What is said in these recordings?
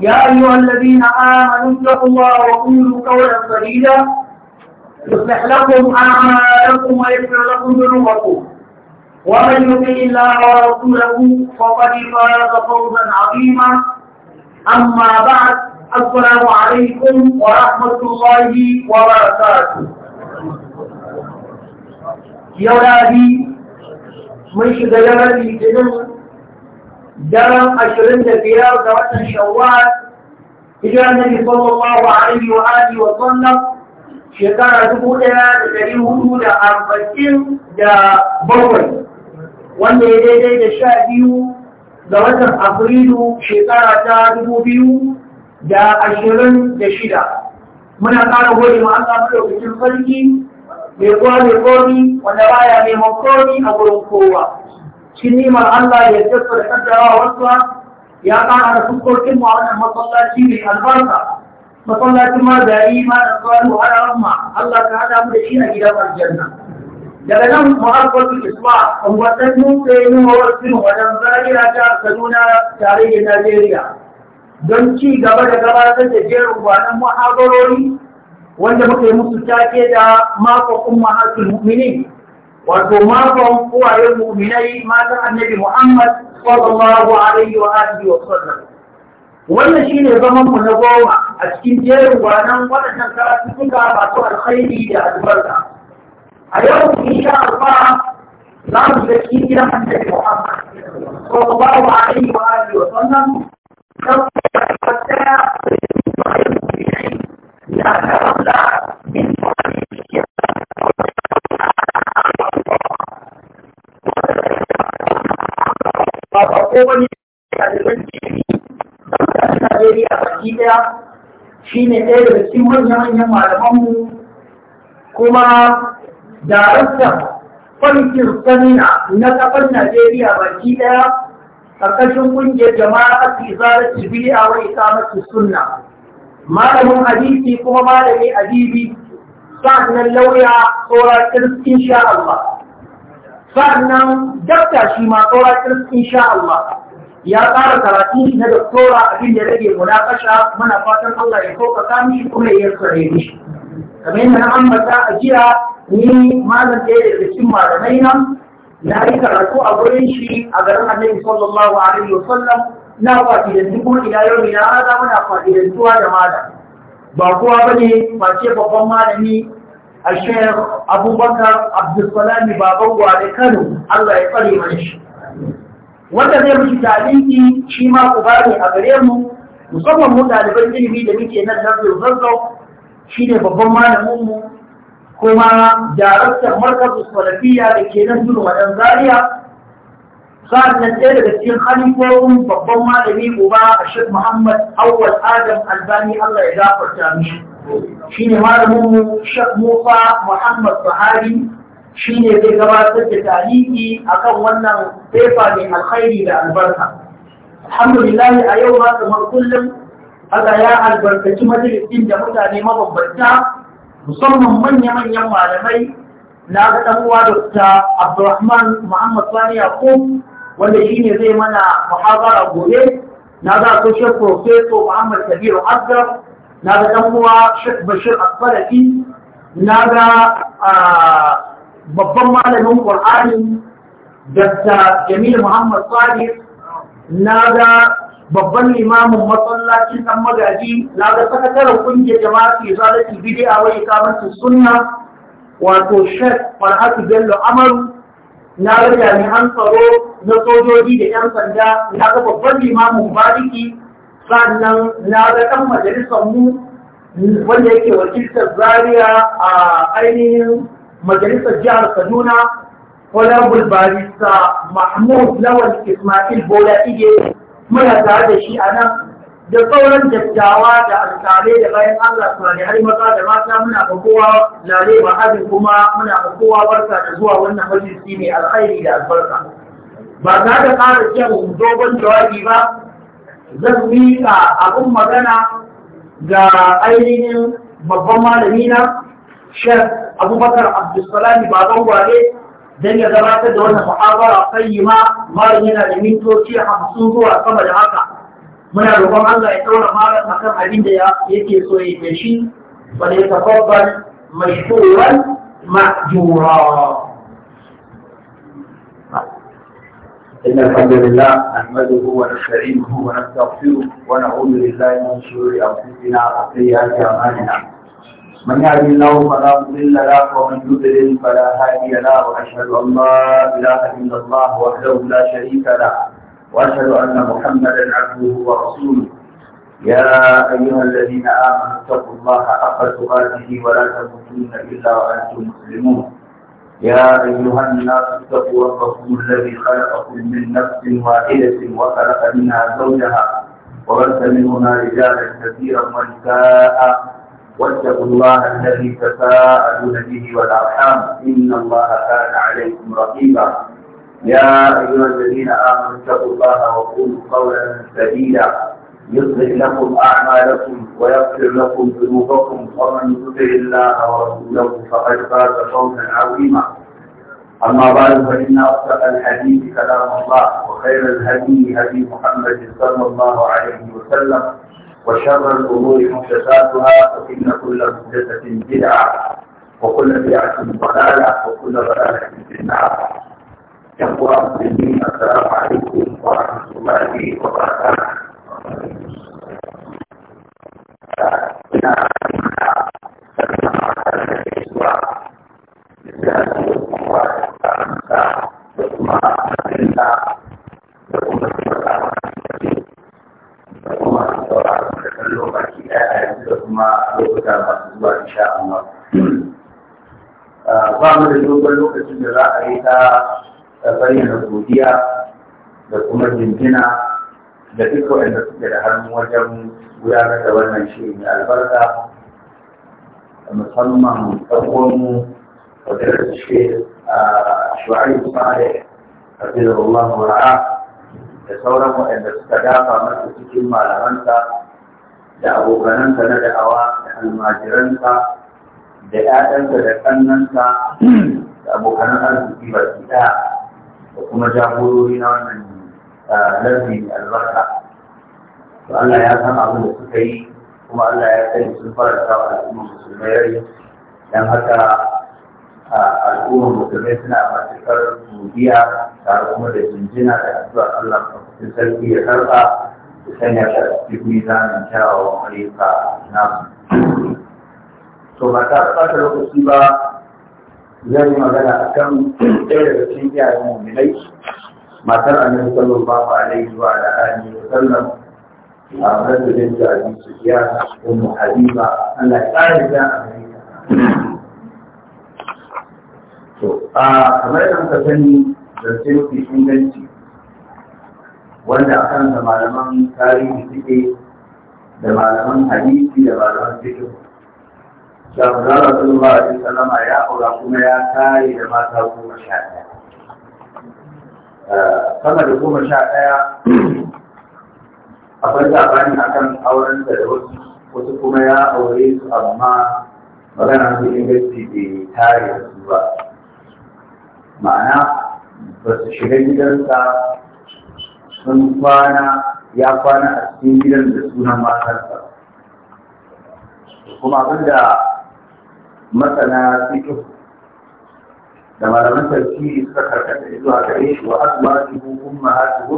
يا أيها الذين آمنوا اتقوا الله وقولوا قولا سديدا يصلح لكم أعمالكم ويغفر لكم ذنوبكم ومن يطع الله ورسوله فقد فاز فوزا عظيما أما بعد السلام عليكم ورحمة الله وبركاته يا ولادي من شجرة الجنون daren ashirin da biyar ga watan shawwal hijiran nabi a alaihi wa aji wa sallam shekara dubu ɗaya da dari hudu da arba'in da bakwai wanda ya daidai da sha biyu ga watan afrilu shekara ta dubu biyu da ashirin da shida muna ƙara gode ma samu lokacin sarki mai kuwa mai komi wanda baya mai makomi a gurin kowa cikin nimar Allah ya jasa da kaddara wasu ya kara da fuskokin mu a wannan masallaci mai albarka masallacin ma da yi ma da tsawo a rahma Allah ka hada mu da shi a gidan aljanna daga nan muhabbatul isma wannan mu sai wasu wajen zariya ta Kaduna tarayyar Najeriya don ci gaba da gabatar da jerin gwanan muhadarori wanda muka yi musu take da makon ummahatul mu'minin wato makon uwaye muminai matan annabi Muhammad sallallahu alaihi wa alihi wa sallam wannan shine zaman mu na goma a cikin jerin gwanan waɗannan karatuka masu alkhairi da albarka a yau insha Allah za mu ga cikin gidan annabi Muhammad sallallahu alaihi wa alihi wa sallam gaskiya shine ɗaya daga cikin manya-manyan malamanmu kuma darakta farkin samina na kafar Najeriya baki ɗaya ƙarƙashin ƙungiyar jama'a su izarar cibiri wa wani sunna malamin hadisi kuma malami adibi sa'annan lauya tsora kirskin Allah sa'annan dakta shi ma tsora kirskin sha Allah ya tsara karatu na doktora abin da rage munakasha muna fatan Allah ya sauƙaƙa mishi kuma ya da mishi kamar yadda na ambata a jiya ni malam ɗaya daga cikin malamai nan na yi karatu a gurin shi a garin annabi sallallahu alaihi wa sallam na fa'idantu kuma ila yau na raza muna fa'idantuwa da malam ba kowa bane face babban malami a shayar abubakar abdulsalami baban gwade kano allah ya tsare mana shi wanda zai miki talinki shi ma uba ne a gare mu musamman mu ɗaliban ilimi da muke nan nan zai zazzau shi ne babban malamin mu kuma jarabtar markazu salafiya da ke nan zuru Zariya. zaria sa'annan ɗaya daga cikin halifofin babban malami uba a shek muhammad awwal adam albani allah ya zafarta mishi shi ne malamin mu shek musa muhammad buhari shi ne zai gabatar da tariki akan wannan fefa mai alkhairi da albarka alhamdulillah a yau ma kamar kullum Allah ya albarkaci majalisin da mutane mabambanta musamman manya-manyan malamai na ga ɗan uwa Dr. Abdulrahman Muhammad Sani Yakub wanda shi ne zai mana muhabara gobe na ga social professor Muhammad Kabiru Abdul na ga ɗan uwa Bashir Asfarafi na ga ah, babban malamin ƙwar'ani Dr. Jamil Muhammad Sadiq na ga babban limamin masallacin ɗan magaji na ga sakataren ƙungiyar jama'a ke zalati bidi'a wai kamarci sunna wato shek Farhatu Bello Amaru na ga jami'an tsaro na sojoji da 'yan sanda na ga babban limamin bariki sannan na ga ɗan majalisar mu wanda yake wakiltar zaria a ainihin majalisar jihar kaduna honorable barista mahmud lawal ismail bola ige muna tare da shi a nan da sauran dattawa da alƙalai da bayan allah turare har maza da mata muna bakowa lare ba kuma muna bakowa kowa barka da zuwa wannan majalisi mai alkhairi da albarka ba za da ƙara jan dogon jawabi ba zan miƙa abin magana ga ainihin babban malamina shek abubakar abdulsalami baban gwale don ya gabatar da wannan muhabara qayyima malam yana da mintoci hamsin zuwa sama da haka muna roƙon Allah ya taura malam akan abin da yake so ya ke shi wanda ya tafabbal mashkuran ma'jura إن الحمد لله نحمده ونستعينه ونستغفره ونعوذ بالله من شرور أنفسنا وسيئات أعمالنا من يهد الله فلا مضل له ومن يضلل فلا هادي له واشهد ان لا اله الا الله وحده لا شريك له واشهد ان محمدا عبده ورسوله يا ايها الذين امنوا اتقوا الله حق تقاته ولا تموتن الا وانتم مسلمون يا ايها الناس اتقوا ربكم الذي خلقكم من نفس واحده وخلق منها زوجها وبث منهما رجالا كثيرا ونساء واتقوا الله الذي تساءلون به والارحام ان الله كان عليكم رقيبا يا ايها الذين امنوا اتقوا الله وقولوا قولا سديدا يصلح لكم اعمالكم ويغفر لكم ذنوبكم ومن يطع الله ورسوله فقد فاز فوزا عظيما اما بعد فان اصدق الحديث كلام الله وخير الهدي هدي محمد صلى الله عليه وسلم وشر الأمور محدثاتها فإن كل محدثة بدعة وكل بدعة ضلالة وكل ضلالة في النار يقوى المسلمين السلام عليكم ورحمة الله وبركاته Thank you. kuma a da kallo baki ɗaya da kuma lokuta masu zuwa insha Allah. Ah, ba mu da dogon lokacin da za a yi ta bayyana godiya da kuma jinjina da duk waɗanda suke da hannu wajen gudanar da wannan shirin mai albarka musamman ɗan'uwanmu wajen da suke a ah, shu'ayi kuma da ƙarfi da Allah mura'a da sauran waɗanda suka dafa masa cikin malamanta da abokananta na da'awa da almajiranta da ƴaƴanta da ƙannanta da abokanan arziki ba su ɗaya da kuma jagorori na wannan lardin albarka to Allah ya san abin da suka yi kuma Allah ya sani sun faranta wa al'umma musulmai don haka al'ummar musulmai suna matuƙar godiya tare kuma da jinjina da addu'ar Allah cikin sarki ya karɓa da sanya shi a cikin mizanin kyawawan ayyuka namu. To ba ta ɓata lokaci ba zan yi magana a kan ɗaya daga cikin iyayen muminai matar annabi sallallahu alaihi wa alihi wa sallam a rajulin da abin su iya ummu habiba Allah ya ƙara da amfani to a kamar da muka sani da sai inganci wanda a kansa malaman tarihi suke da malaman hadisi da malaman fikin ba a cikin salama ya aura kuma ya kare da mata goma sha ɗaya eh, sama da goma sha ɗaya akwai a akan auren da wasu wasu kuma ya aure su amma magana su inganci bai tare da su ba ma'ana ba su shiga gidansa sun kwana ya kwana a cikin gidan da sunan matarsa kuma abinda masana fito. da malaman tafsiri suka karkata zuwa gare shi wa azwaji ko kuma hatu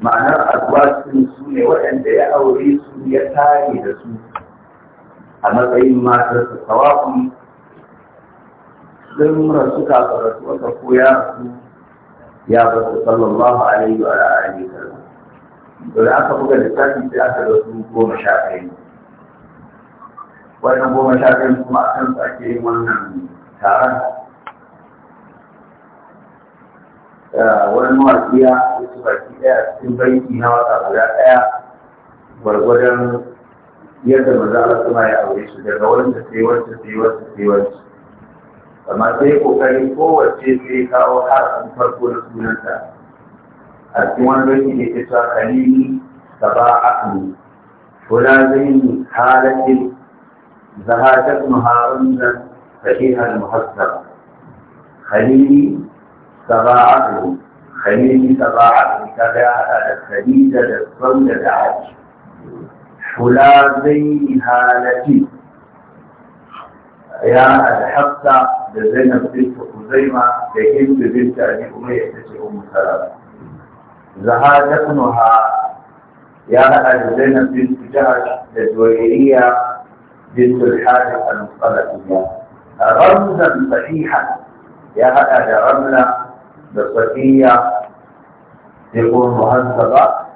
ma'anar azwajin su ne waɗanda ya aure su ya tare da su a matsayin matarsa tawafin sun rasu kafaratu wanda ko ya rasu ya rasu sallallahu alaihi wa alihi wa sallam to da aka buga littafi sai aka rasu goma sha ɗaya wannan goma sha ɗaya kuma a kan su ake yin wannan taron wani mawaƙiya ya ci baki ɗaya cikin banki na wata guda ɗaya gwargwadon yadda maza Allah suna ya aure su daga wanda sai wanda sai wanda sai wanda amma sai kokarin kowace sai kawo harafin farko na sunanta a cikin wani lokaci da ke cewa kalili saba'atun فلازم حالة زهادتها رمزا فيها المهذب خليلي سباعته خليلي سباعته تبعها الخديجة للصمد العاج حلازين هالتي يا الحق da Zainab bint Kuzaima da Hind bint Abi Umayya ita ce Ummu Salama Zahara ibnuha ya haɗa da Zainab bint Jahash da Zuwairiya bint Al-Harith al-Musalafiyya ramzan sahihan ya haɗa da Ramla da Safiya da Ummu Hansaba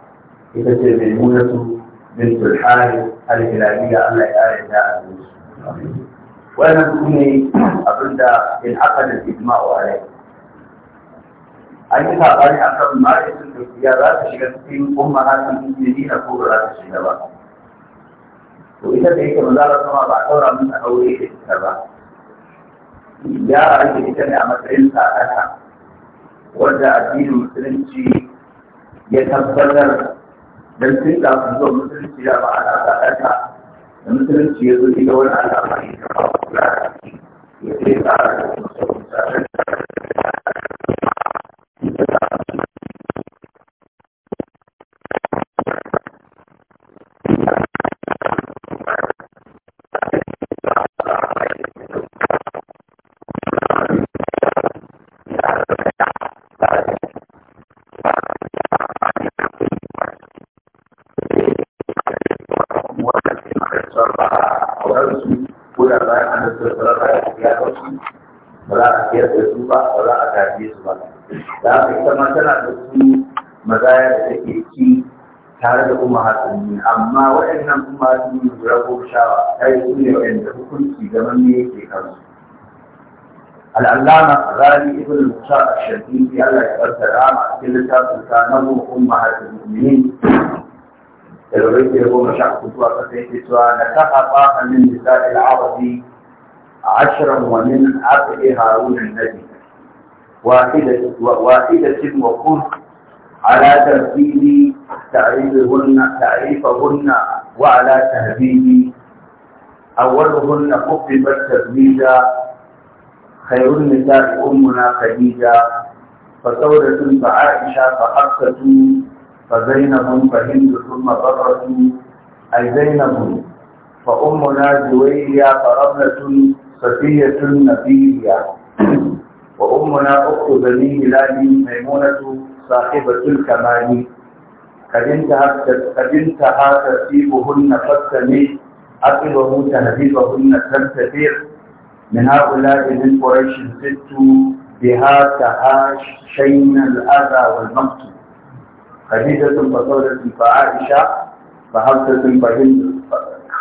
ita ce Maimunatu bint Al-Harith al-Hilaliyya Allah ya yarda a su wannan su ne abinda in aka da ijma'u a rai an yi sabani a kan ma'aikacin turkiya za ta shiga cikin umma hasin ilimi na ko ba za ta shiga ba to ita da yake maza sama ba a ɗaura min a aure da ita ba ya ake ita ne a matsayin sa'ada wanda addinin musulunci ya tabbatar don tun kafin zuwa musulunci ya ba a sa'ada da musulunci ya zo ga wani al'amari na ba ya ce tsara da kuma sauran da العلامة غالي ابن المشاق الشرقيقي الله يقبل سلام كل شاب كانه أمهات المؤمنين الرئيس هو مشاق كتوى فتيت سوى نكح طاها من نساء العربي عشرا ومن عبد هارون النبي واحدة واحدة وكن على ترتيب تعريفهن تعريفهن وعلى تهذيب أولهن كتبت تبليدا خير النساء أمنا خديجة فسودة فعائشة فحفصة فزينب فهند ثم برة أي زينب فأمنا زويرية فربلة صفية نبيلية وأمنا أخت بني هلال ميمونة صاحبة الكمال قد انتهى ترتيبهن فاستمع عقبه تهذيبهن تنتفير من هؤلاء من قريش الست بها تعاش شين الأذى والمقتل خديجة بطولة فعائشة فحفظة فهند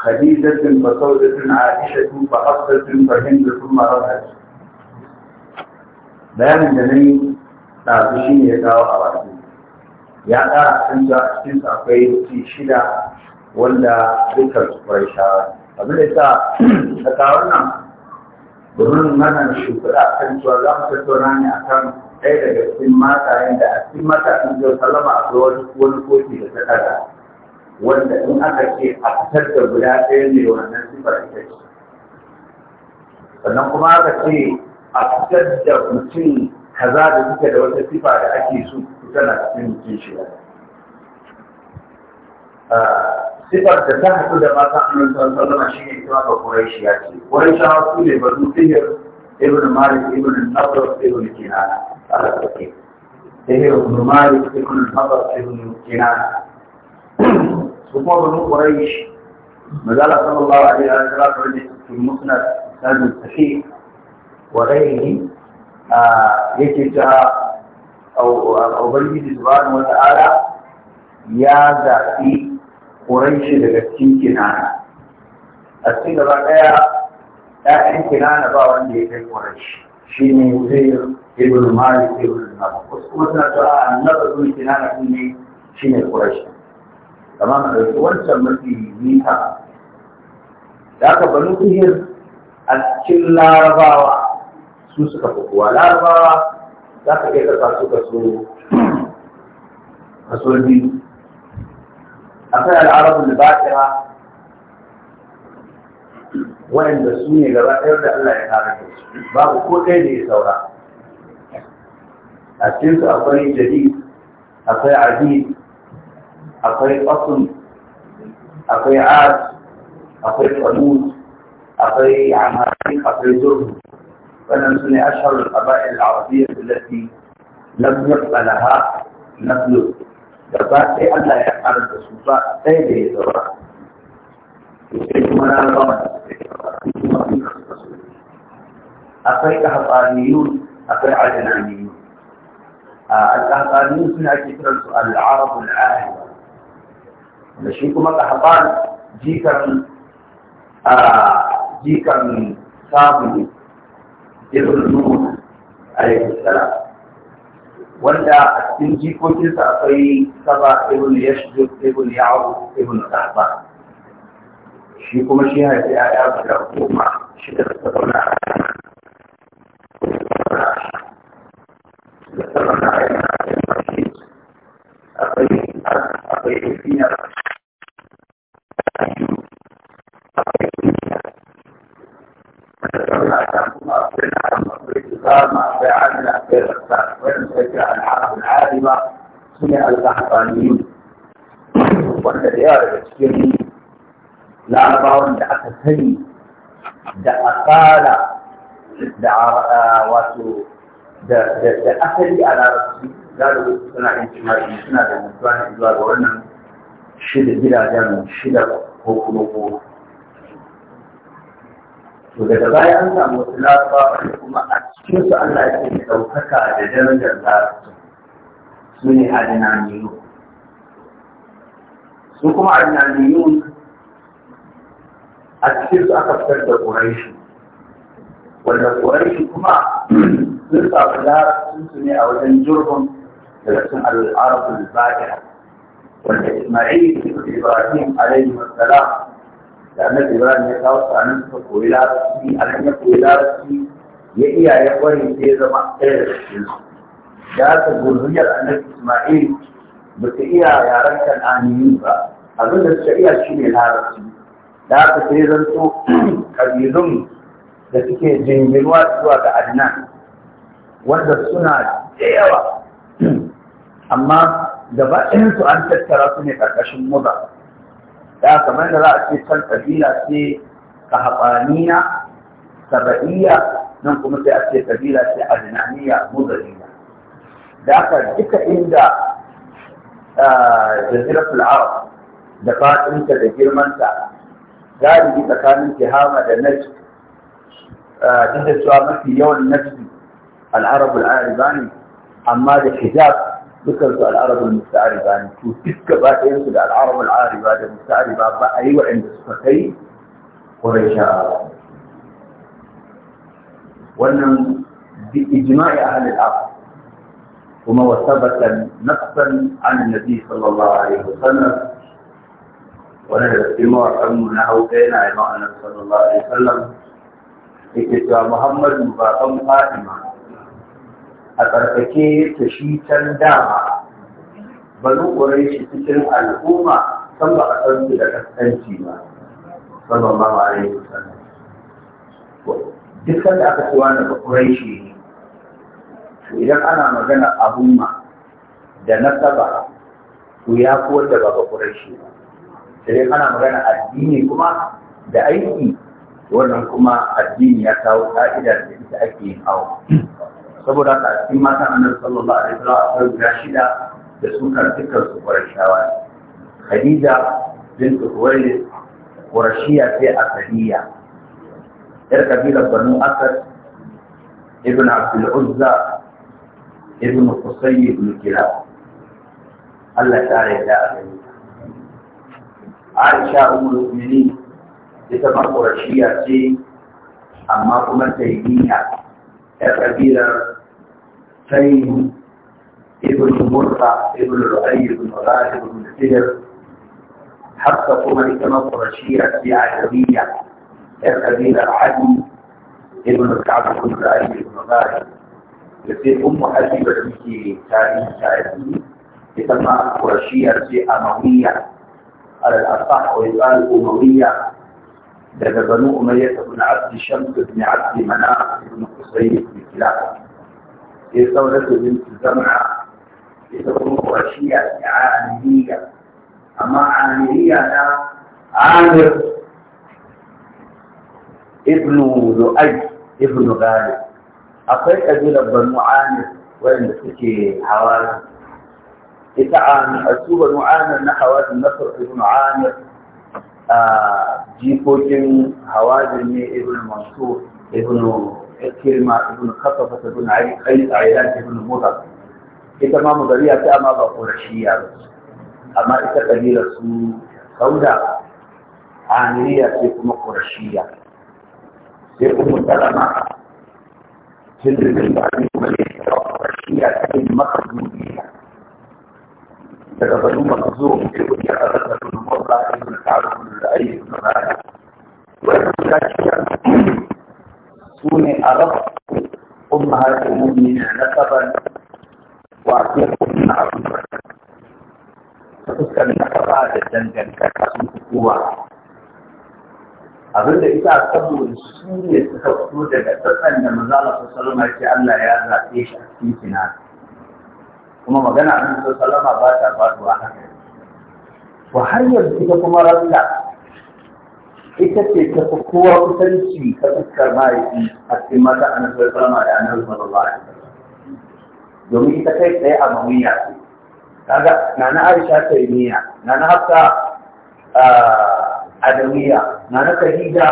خديجة بطولة عائشة فحفظة فهند ثم رأت بيان جميع تعطشين يتاوى أراضي يا ترى أنت أحسنت أقيد في شدة ولا ذكر قريشها قبل إذا تتعلم domin mana shukura a kan cewa za mu tattauna ne a kan ɗaya daga cikin matayen da a cikin matayen da salama a wani wani kofi da ta kada wanda in aka ce a fitar da guda ɗaya ne wannan sifar ita ce sannan kuma aka ce a fitar da mutum kaza da suke da wata sifa da ake so tana cikin mutum shida ah, sifar da ta haɗu da mata annabi sallallahu alaihi wasallam shine ita ba Quraishi ya ce Quraishawa su ne banu sihir ibn Malik ibn Nadr ibn Kinana ala take sihir ibn Malik ibn Nadr ibn Kinana su kuma banu Quraish mazala sallallahu alaihi wasallam ne cikin musnad sanin sahih wa ghairihi yake ta ubangiji subhanahu wa ta'ala ya zafi. ƙorance daga cikin kinana a cikin gaba ɗaya ‘ya'yan kinana ba wanda ya kai ƙoranci shi ne zai ibn malik ibn malik wasu kuma suna cewa a nazar zuwa kinana ɗin ne shi ne ƙoranci amma na ɗauki wancan mafi nisa da aka banu kuhir a cikin larabawa su suka fi kuwa? larabawa za ka iya kasa su kaso kaso biyu أفعل العرب اللي باكرة وين بسمية لباكرة إيه الله يحارك بابو كل إيه دي سورة أسلمت أفعل جديد أفعل عديد أفعل قصم أفعل عاد أفعل قنوز أفعل عمارين أفعل زرب وأنا مثل أشهر القبائل العربية التي لم يقبلها نفلت gaba ɗaya Allah ya ƙara da su ba ɗaya da ya zaba sai kuma na zama kuma duka suka so akwai ƙahatsaniyu akwai ajinaniyu a ƙahatsaniyu suna ake kiran su al'arabul ahiwa da shi kuma ƙahatan jikan a jikan samu ibn nuhu alaihi salam wanda a a cikin jikokinsa akwai saba ibn yashjud ibn ya'u ibn sahba shi kuma shi haifi ya'ya guda kuma shi da suka zauna a da zauna a yana akwai akwai ifinar akwai da zauna a kuma na akwai rasa waɗanda suke al'adu al'adima su ne alƙaharani wanda da yawa daga cikin larabawan da aka sani da asala da asali a larabci za da suna yin cimari suna da mutuwa zuwa ga wannan shida gidajen shida ko kuma daga baya an samu wasu larabawa kuma a cikin su Allah yake ɗaukaka da darajar larabci su ne adinaniyu su kuma adinaniyu a cikin su aka fitar da ƙuraishi wanda ƙuraishi kuma sun samu larabcin su ne a wajen jirgin daga cikin al'arabul ba'ira wanda Ismail ibn Ibrahim alaihi wassalam da annabi ibrahim ya kawo su anan koyi larabci nan ya koyi larabci ya iya ya kware ya zama ɗaya da cikin su da haka a annabi isma'il ba su iya yaren kan'aniyu ba abin da suka iya shi ne larabci da haka sai zanto kabilun da suke jinginuwa zuwa ga adnan wanda suna da yawa amma gaba ɗayansu an tattara su ne ƙarƙashin muza da kamar da za a ce can kabila ce kahabaniya saba'iyya nan kuma sai a ce kabila ce adnaniya mudariya da haka duka inda jaziratul arab da fatinta da girmanta galibi tsakanin kihama da najd duk da cewa mafi yawan najd al'arabul ariba ne amma da hijab dukkan su al'arabul musta'ariba ne to duk gaba ɗayan su da al'arabul ariba da musta'ariba ba a yi waɗanda suka kai wurin sha'awa wannan ijma'i ahlul ardh kuma wasabata nafsan an nabi sallallahu alaihi wasallam wannan da kuma wannan na hauka yana yi ma'anar sallallahu alaihi wasallam yake cewa muhammadu ba kan fatima a ƙarfake ta shi can dama ba banu shi cikin al'umma san ba a san su da kaskanci ba ba sallallahu alaihi wasallam duk sanda aka ce wani ba ƙwarai shi to idan ana magana abumma da nasaba to ya fi wanda ba ba ƙwarai shi ba sai ana magana addini kuma da aiki wannan kuma addini ya kawo ka'idar da ita ake yin awa saboda haka a cikin matan annabi sallallahu alaihi wasallam akwai guda shida da suka dukkan su qurayshawa khadija bint khuwaylid qurashiya sai asadiya yar kabilar banu asad ibn abdul uzza ibn qusay ibn kilab Allah ta yarda a gani Aisha ummul mu'minin ita ma qurashiya ce amma kuma ta yi tayyina قبيلة سيد ابن مرقع ابن رؤي بن غالب بن سلم حتى قمة نصر الشيعة في بعدوية قبيلة عدي ابن كعب بن رؤي بن غالب لكن أم حبيبة في تاريخ سعيد يسمى قرشية أموية على الأصح ويقال أموية لدى بنو أمية بن عبد شمس بن عبد مناف بن قصي بن كلاب في ثورة بنت زمعة في ثورة وشيعة عامرية أما عامرية أنا عامر ابن لؤي ابن غالب أقل أجل بنو عامر وين تكي حوالي إتعامل أسوب بنو عامر نحو النصر بن عامر jikokin hawajin ne ibn mansur ibn kirma ibn fata ibn ali ayyan ibn musa ita ma mugariya ta ma ba qurashiyya ba amma ita kabilar su sauda amiriya ce kuma qurashiyya sai kuma salama hindun da ba ni kuma ne ta qurashiyya ta makduniya daga banu makzum ibn ya ta bayan taron da aiki da rana wannan lafiya su ne a raba kuma har umumi na nasaban wato kuma abubuwa, da fuskar nasaba da dangantaka sun kuwa abin da ita saboda su ne suka fito daga sassan da maza masu salama ce Allah ya zaɓe shi a cikin kuma magana abin da salama ba ta faɗuwa haka to har yanzu ita kuma ranta ita ce ta fi kowa kusanci ta fuskar mahaifi a cikin mata a nasarar sama da annabi sallallahu alaihi wasallam domin ita kai tsaye a mamiya ce kaga na Aisha ta yi niyya, na nana Hafsa adawiya nana Khadija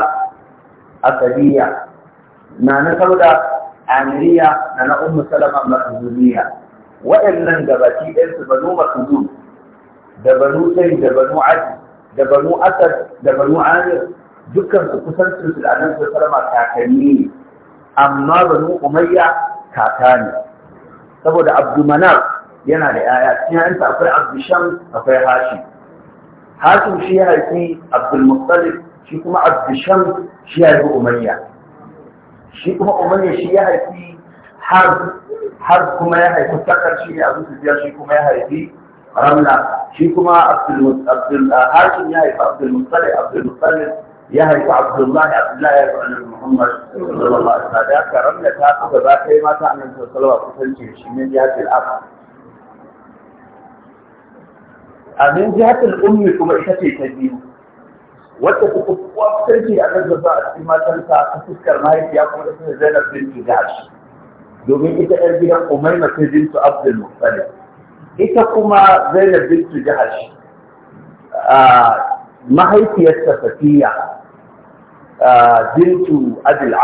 asadiya na Sauda amiriya na Ummu Salama makhzuniya waɗannan gabaki ɗayan su banu makhzun da banu sai da banu adi da banu asad da banu amir dukkan su kusancin su da annabi sallama kakanni ne amma banu umayya kaka ne saboda abdumanaf yana da yaya cikin yayinsa akwai abdushan akwai hashim hashim shi ya haifi abdulmuttalib shi kuma abdushan shi ya haifi umayya shi kuma umayya shi ya haifi har har kuma ya haifi sakar shi ne abu su shi kuma ya haifi رملة شي كما عبد المطلب هاشم يا عبد المطلب عبد المطلب يا هيك عبد الله عبد الله يا ابن محمد صلى الله عليه وسلم يا كرم يا تاخذ باقي ما تعمل في الصلاه من جهه الام كما شتي تجيب وتتقف وتنشي على ما تنسى تذكر ما هي زينب بنت جعش دومين انت قلبي يا عبد المطلب ita kuma zainab bintu jahash mahaifiyar safiya bintu abdul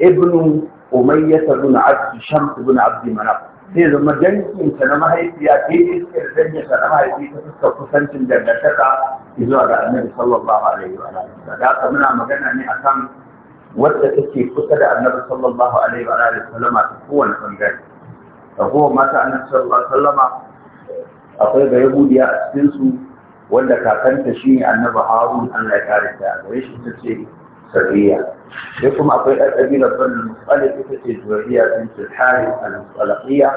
ibnu Umayyah bin abd shams bin abd manaf sai zama danginsa ta mahaifiya daidai suke da danginsa na mahaifiya ta fuskar kusancin dangantaka zuwa ga annabi sallallahu alaihi wa alihi da ka muna magana ne akan wadda take kusa da annabi sallallahu alaihi wa alihi sallama ta kowane bangare ragowar mata annabi sallallahu alaihi akwai ga yahudiya a cikinsu, wanda kakanta shi ne annaba harun Allah ya kare ta gare shi ta ce sabiya sai kuma akwai ɗan ƙabilar banu musalik ita ce zuriya bin sulhari a musalakiya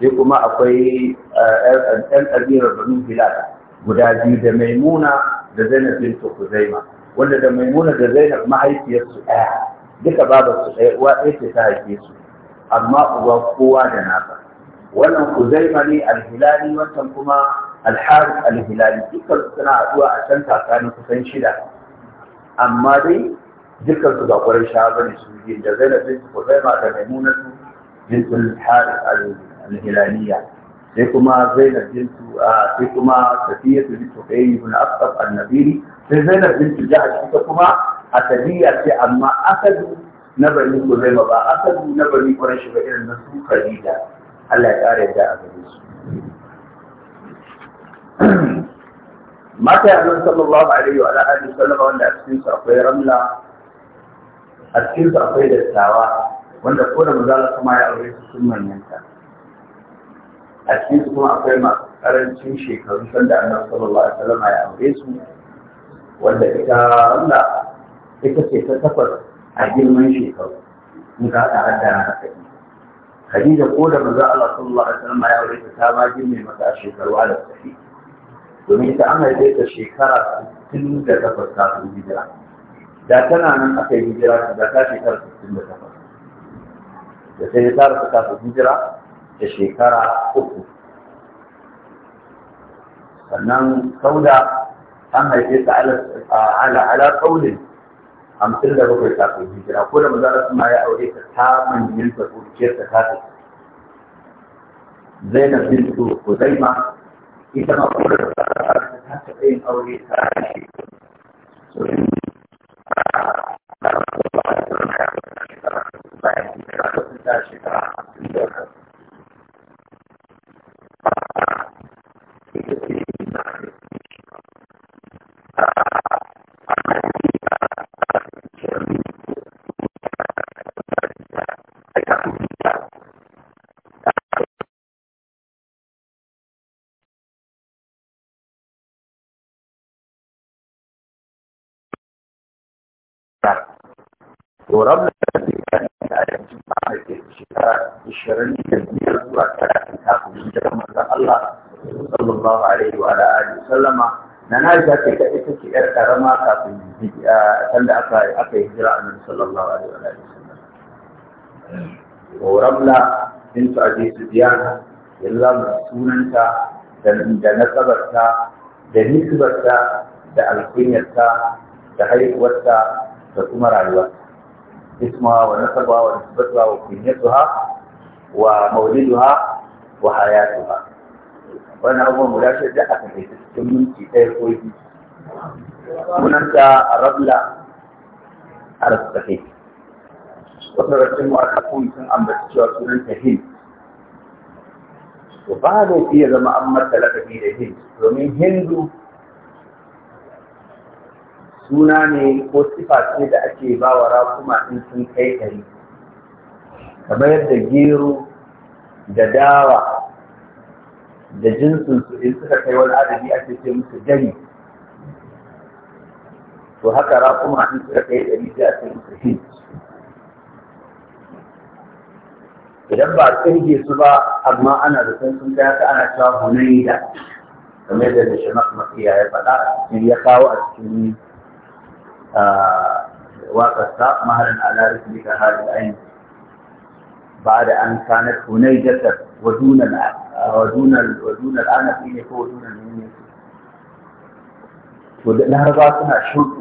sai kuma akwai eh, ɗan ƙabilar banu bilal guda biyu da maimuna da zainab bin kuzaima wanda da maimuna da zainab mahaifiyarsu ɗaya duka babarsu ɗaya uwa ɗaya ce ta haife su amma uba kowa da nasa wannan ku kuzaima ne alhilali wancan kuma alharif alhilali dukkan suna haɗuwa a can tsakanin kusan shida amma dai dukkan su ba kwarar sha ne su yi da zainab bin kuzaima da maimunatu bin alharif alhilaliya sai kuma zainab bin sai kuma safiyatu bin tuqayyi bin asqaf annabiri sai zainab bin jahash ita kuma asaliya ce amma asali na bani kuzaima ba asali na ko ƙwarashi ba irin na su kalila Allah ya ƙara yadda a gare su mata ya yanzu sallallahu alaihi wa alihi sallama wanda a cikin akwai ramla a cikin akwai dattawa wanda ko da maza kuma ya aure su sun manyanta a cikin su kuma akwai masu karancin shekaru sanda annabi sallallahu alaihi wasallam ya aure su wanda ita ramla ita ce ta takwas a girman shekaru in ka haɗa har da ranar kaɗi Khadija ko da manzo Allah sallallahu alaihi wasallam ya aure ta ta ma girme mata a shekaru a da tafi domin ita an haife ta shekara 68 kafin hijira da tana nan aka yi hijira da ta shekara 68 da sai ta rasu kafin hijira da shekara uku sannan sauda an haife ta ala ala kaulin hamsin da bakwai kafin hijira ko da maza su ma ya aure ta ta manyan ta kurciyar ta tafi zainab bin su kuzaima ita ma kuma da ta ta taɓa yin aure ta shi Thank you. to rabna da ke kan da ya ci ba ke shekara 25 zuwa 30 kafin hijirar manzon Allah sallallahu alaihi wa alihi sallama na Aisha ce da ita ce yar karama kafin sanda aka aka hijira annabi sallallahu alaihi wa alihi sallam wa bintu yalla sunanta da nasabarta da nisbarta da alkunyarta da haihuwarta da kuma rayuwarta اسمها ونسبها ونسبتها وكنيتها ومولدها وحياتها وانا اول ملاشر ده اكن في تسمين في ايه كوي هناك الرجلة على الصحيح وترسم مؤرخون سن امبتشور انت تهين وبعد في زمان امبتشور سنن تهين ومن هندو suna ne ko sifa ce da ake ba wa rakuma in sun kai ɗari kamar yadda gero da dawa da jinsin su in suka kai wani adadi ake ce musu dari to haka rakuma in suka kai ɗari sai a ce musu hin idan ba a kirge su ba amma ana da sun kai haka ana cewa hunaida kamar yadda da shi makiya ya faɗa ya kawo a cikin آه، واقع الساق مهلا على رسلك هذا العين بعد أن كانت هنيجة ودون ودون ودون الآن في نفو ودون المؤمنين ولهذا شوك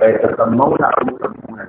فيتسمون أو يسمون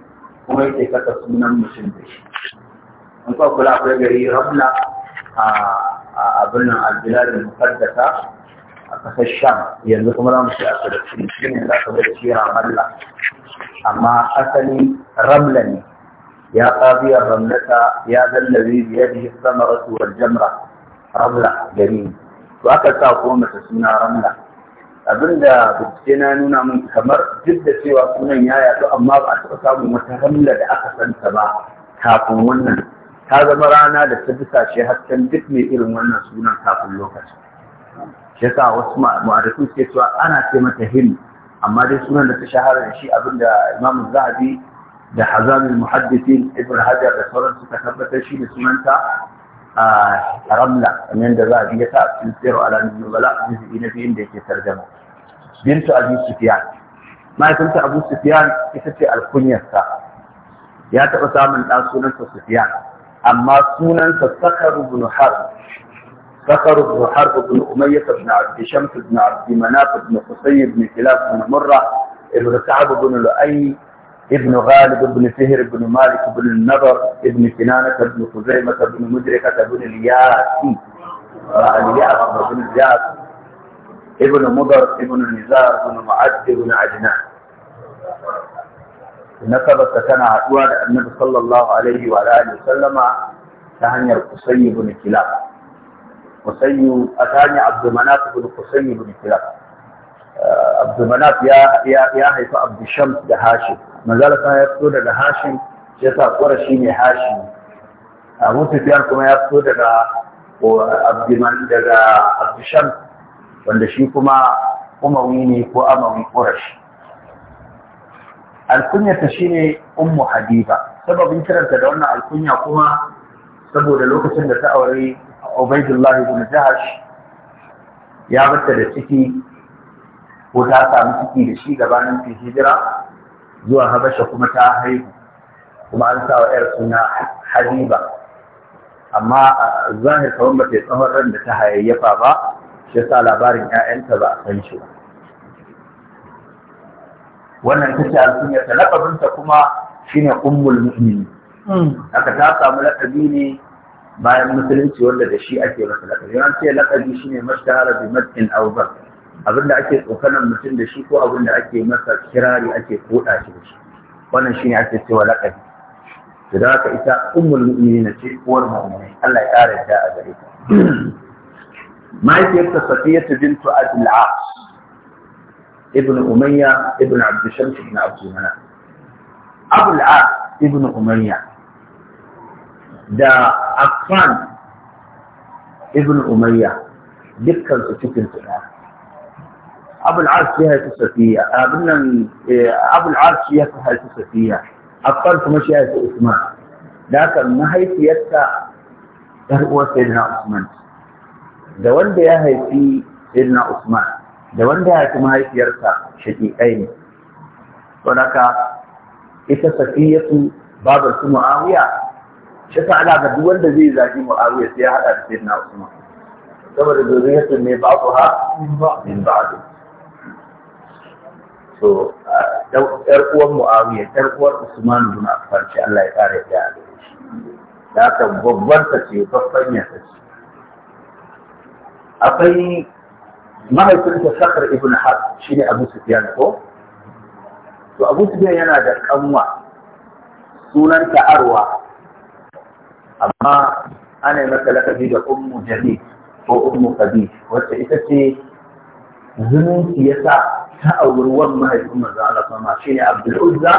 kuma yake kasa sunan mutum da shi in kuwa kula akwai gari ramla a abin nan da mukaddasa a kasar sham yanzu kuma zamu shi a kudancin shi ne za ka ga shi ramalla amma asali ramla ne ya ƙabiyar ramlata ya zallabi biyar da sama wal jamra ramla gari to aka sa kuma mace suna ramla da bincike na nuna min kamar duk da cewa sunan ya yaɗu amma ba a taɓa samun wata hamla da aka santa ba kafin wannan ta zama rana da ta bisa shi hasken duk mai irin wannan sunan kafin lokaci shi yasa wasu ma'adatu suke cewa ana ce mata him amma dai sunan da ta shahara da shi abinda imam zahabi da hazamin muhaddisin ibn hajar da sauran suka tabbatar shi da sunanta a ramla kamar yadda za a biya ta a cikin tsero alamun nubala a cikin na biyun da yake tarjama bintu Abi Sufiyan, mahaifinta Abu Sufiyan ita ce alkunyarsa ya taɓa samun ɗan sunansa Sufiyan, amma sunansa Sakaru ibn Harb Sakar ibn Harb ibn Umayyah ibn Abd Shams ibn Abd Manaf ibn Qusay bin Kilab ibn Murra ibn Ka'b ibn Lu'ay ابن غالب ابن فهر ابن مالك ابن النضر ابن كنانة ابن خزيمة ابن مدركة ابن الياسي الياس ابن الياس ابن مضر ابن نزار ابن معد ابن عجنان نسبة كان عقوان النبي صلى الله عليه وعلى آله وسلم تهني القصي بن كلاب قصي أتاني عبد مناف بن قصي بن كلاب آه، عبد مناف يا يا يا هيفا عبد الشمس لهاشم ما زال كان يقصد لهاشم جسا قرشي من هاشم أموت بيانكم يقصد لعبد مناف عبد الشمس wanda shi kuma umawi ne ko amawi ƙurashi alkunyarta shi ne ummu habiba sababin kiranta da wannan alkunya kuma saboda lokacin da ta aure ubaidullah ibn jahash ya bata da ciki ko ta samu ciki da shi gabanin fi hijira zuwa habasha kuma ta haihu kuma an sa wa 'yar suna habiba amma zahir kawai ba ta yi tsawon ran da ta hayayyafa ba shi sa labarin 'ya'yanta ba a san shi ba wannan ta ce alkunya ta laqabin ta kuma shine ummul mu'minin hmm. haka ta samu laƙabi ne bayan musulunci wanda da shi ake masa laƙabi, an ce shi ne mashtahara bi madin aw Abin da ake tsokanan mutum da shi ko abin da ake masa kirari ake koda shi da shi wannan shi ne ake cewa laƙabi. da haka ita ummul na ce uwar mu'minai Allah ya kare ta a gare ta ما مايكيت صفية بنت أبي العاص ابن أمية ابن عبد الشمس بن عبد المناف أبو العاص ابن أمية دا أقران ابن أمية ذكر سكين سنة أبو العاص فيها صفية أبن أبو العاص فيها هاي صفية أقران تمشي هاي عثمان ده كان ما هي فيها تهوى سيدنا عثمان da wanda ya haifi sirna Usman da wanda ya haifi mahaifiyarsa shaƙiƙai ne saboda ita safiyatu babar su mu'awiya shi ta ala ga duk wanda zai zaki mu'awiya sai ya hada da sirna Usman saboda zuriyatu ne ba su ha min ba'du so ɗan uwan mu'awiya ɗan uwan Usman bin Affan shi Allah ya kare ya da haka babban ta ce babban ya ta ce akwai mahaifinta sakar ibn har shi ne abu sufiyan ko to abu sufiyan yana da kanwa sunanta arwa amma ana masa lakabi da ummu jalil ko ummu kabi wacce ita ce zumunci ya sa ta auri mahaifin manzo Allah kuma shine Abdul Uzza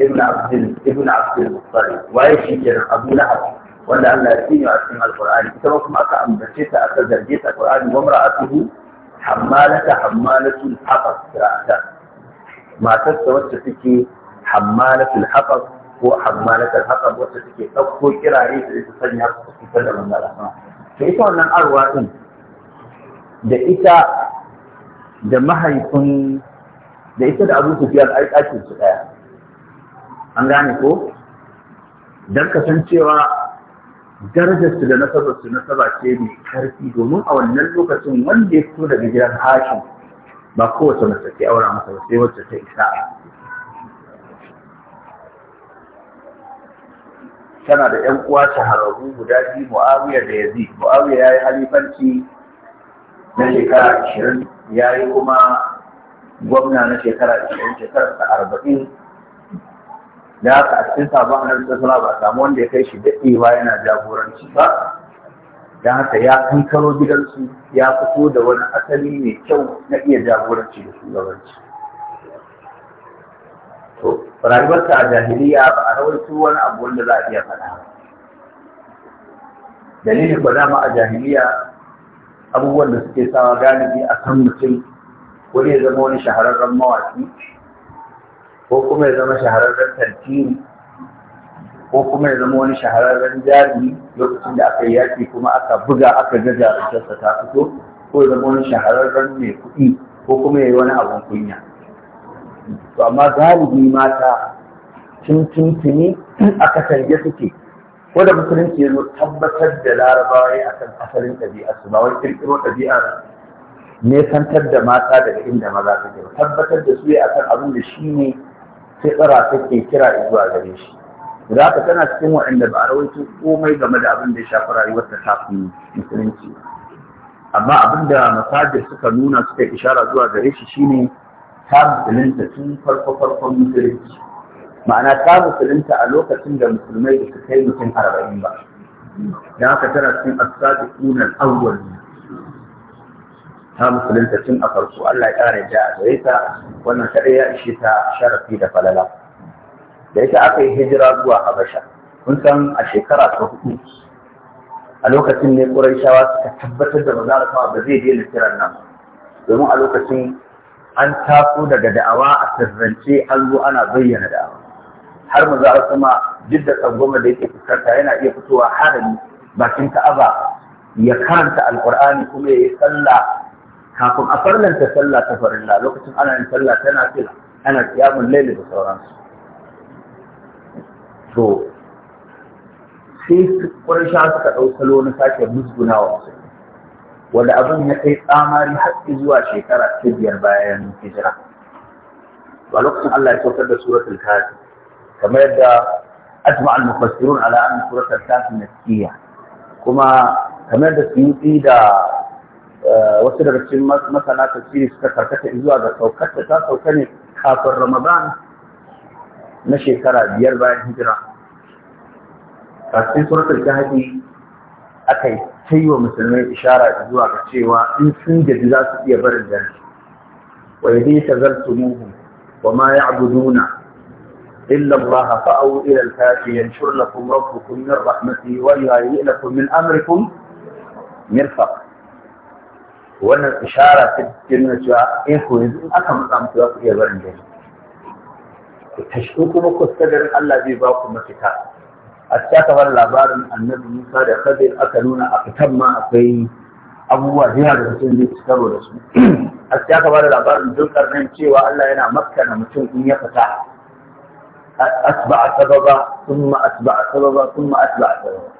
ibn Abdul ibn Abdul Muttalib waye shi kenan Abu Lahab wanda Allah ya tsine a cikin Alƙur'ani, ita ba kuma aka ambace ta aka zarge ta Alƙur'ani wa mar'atuhu hammalata hammalatul haqas ta matar ta wacce take hammalatul haqas ko hammalatul haqas wacce take dauko kirare da ita sanya su fitar da manzara to ita wannan arwa din da ita da mahaifin da ita da abu sufiyar ai ɗakin su ɗaya an gane ko don kasancewa darajarsu da nasabarsu nasaba ce mai karfi domin a wannan lokacin wanda ya fito daga gidan hashim ba kowace mace ke aura masa ba sai wacce ta isa tana da ‘yan uwa shahararru guda biyu mu'awiya da yazi mu'awiya ya yi halifanci na shekara ashirin ya yi kuma gwamna na shekara ashirin shekarar arba'in da haka a cikin sabon annabi sallallahu ba samu wanda ya kai shi daɗewa yana jagoranci ba da haka ya kankaro gidansu ya fito da wani asali mai kyau na iya jagoranci da shugabanci to rayuwarsa a jahiliya ba a rawaito wani abu wanda za a iya faɗa dalilin ba dama a jahiliya abubuwan da suke sawa galibi a kan mutum wani ya zama wani shahararren mawaki ko kuma ya zama shahararren tartiri ko kuma ya zama wani shahararren jari lokacin da aka yi yaki kuma aka buga aka ga jarumtarsa ta fito ko ya zama wani shahararren mai kuɗi ko kuma ya yi wani abin kunya to amma galibi mata tun tuntuni aka ya suke ko da musulunci ya zo tabbatar da larabawa ya akan asalin su ba wai ƙirƙiro ɗabi'ar nesantar da mata daga inda maza suke tabbatar da su ya akan abin da shi ne fitsara take kira zuwa gare shi za tana cikin waɗanda ba a rawaito komai game da abin da ya shafi rayuwar ta kafin musulunci amma abin da masajir suka nuna suka ishara zuwa gare shi shine ta musulunta tun farko farkon musulunci ma'ana ta musulunta a lokacin da musulmai da su kai mutum arba'in ba da tana cikin asabi kunan awwali ta musulunta tun a farko Allah ya ƙara ja a gare ta wannan kaɗai ya ishe ta sharafi da falala da ita aka yi hijira zuwa Habasha kun san a shekara ta hudu a lokacin ne Qurayshawa suka tabbatar da manzo ba zai daina kiran nan domin a lokacin an taso daga da'awa a sirrance an zo ana bayyana da'awa har manzo Allah kuma duk da tsangwama da yake fuskanta yana iya fitowa harami bakin Ka'aba ya karanta alqur'ani kuma ya yi sallah kafin a farlanta sallah ta farilla lokacin ana yin sallah tana fila ana kiyamun laili da sauransu to sai ƙwarsha suka ɗau salo na sake musguna wa musulmi wanda abin ya kai tsamari har zuwa shekara ta biyar bayan hijira a lokacin Allah ya saukar da suratul kafi kamar yadda ajma al mufassirun ala an suratul kafi naskiya kuma kamar da suyuti da Eh, wasu daga cikin masana tafsiri suka karkata zuwa ga saukar ta sauka ne kafin Ramadan na shekara biyar bayan hijira. Kafin suratul Kahfi aka yi wa musulmai ishara zuwa ga cewa in sun gaji za su iya barin jana wa yadda ta zartu muhu wa ma ya abuduna illa Allah fa au ila al-kafi yanshur lakum rabbukum min rahmatihi wa yuhayyi lakum min amrikum Mirfa. wannan ishara ta nuna cewa in eh, ko yanzu in aka matsa muku za ku iya barin gari ku tashi kuma ku sadarin Allah zai ba ku mafita a cikin bar labarin annabi Musa da Khadir aka nuna a fitan ma akwai abubuwa da yawa da mutum zai ci karo da su a cikin bar labarin dukkan nan cewa Allah yana makkana mutum in ya fita asba'a sababa thumma asba'a sababa thumma asba'a sababa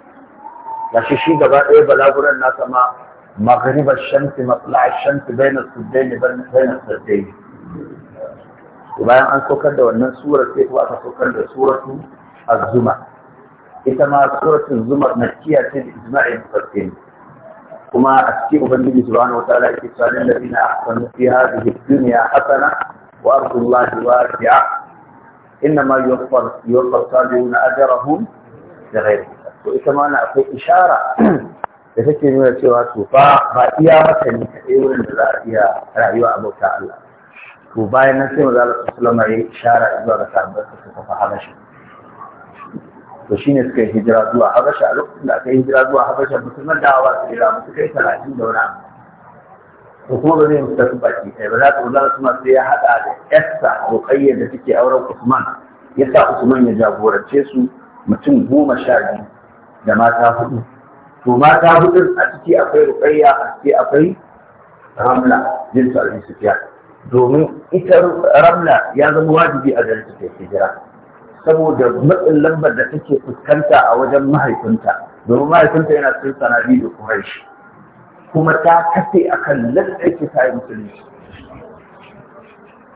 gashi shi gaba ɗaya balaguran nasa ma مغرب الشمس مطلع الشمس بين السدين بين السدين bayan an saukar da wannan surar sai aka saukar da suratu az-zuma ita ma suratun zumar makkiya ce da ijma'in mufassirin kuma a cikin ubangiji subhanahu wataala yake cewa lil ladina ahsanu fi hadhihi dunya hasana wa ardullahi wasi'a inna ma yuwaffas yuwaffas ita ma na akwai ishara da take nuna cewa to fa ba iya mata ne kaɗai wurin da za a iya rayuwa a bauta Allah to bayan nan sai maza Allah sallama ya ishara zuwa ga sahabbai su kafa Habasha to shine suka yi hijira zuwa Habasha a lokacin da aka yi hijira zuwa Habasha musulman da hawa su jira musu kai talatin da wani abu to kuma ba zai musu baki ɗaya ba za ta maza Allah sai ya haɗa da Esther Ruqayyah da take auren Usman ya sa Usman ya jagorance su mutum goma sha biyu da mata hudu to mata hudun a ciki akwai rukayya a ciki akwai ramla jin su abin domin ita ramla ya zama wajibi a garin take hijira saboda matsin lambar da take fuskanta a wajen mahaifinta domin mahaifinta yana cikin sanadi da kuraishi kuma ta kafe akan lallai ki yi musulunci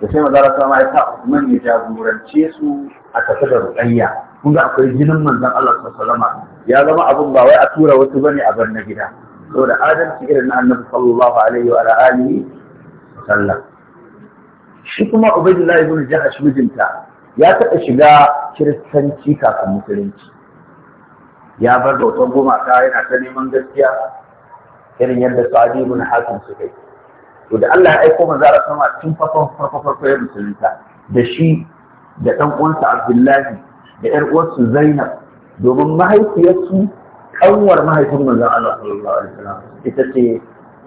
da sai mazara ta ma ya Usman ya jagorance su a tafi da ruƙayya kun akwai jinin manzon Allah sallallahu alaihi wasallam ya zama abin ba wai a tura wasu bane a bar na gida saboda adalci irin na annabi sallallahu alaihi wa alihi sallam shi kuma ubaidullah ibn jahash mijinta ya taɓa shiga kiristanci kafin musulunci ya bar bautan gumaka yana ta neman gaskiya irin yadda su adi ibn hakim su kai to da Allah ya aiko manzo Allah sama tun farko farko farko ya musulunta da shi da dan uwansa Abdullahi da ƴar uwarsu Zainab domin mahaifiyarsu kanwar mahaifin manzan Allah sallallahu alaihi wasallam ita ce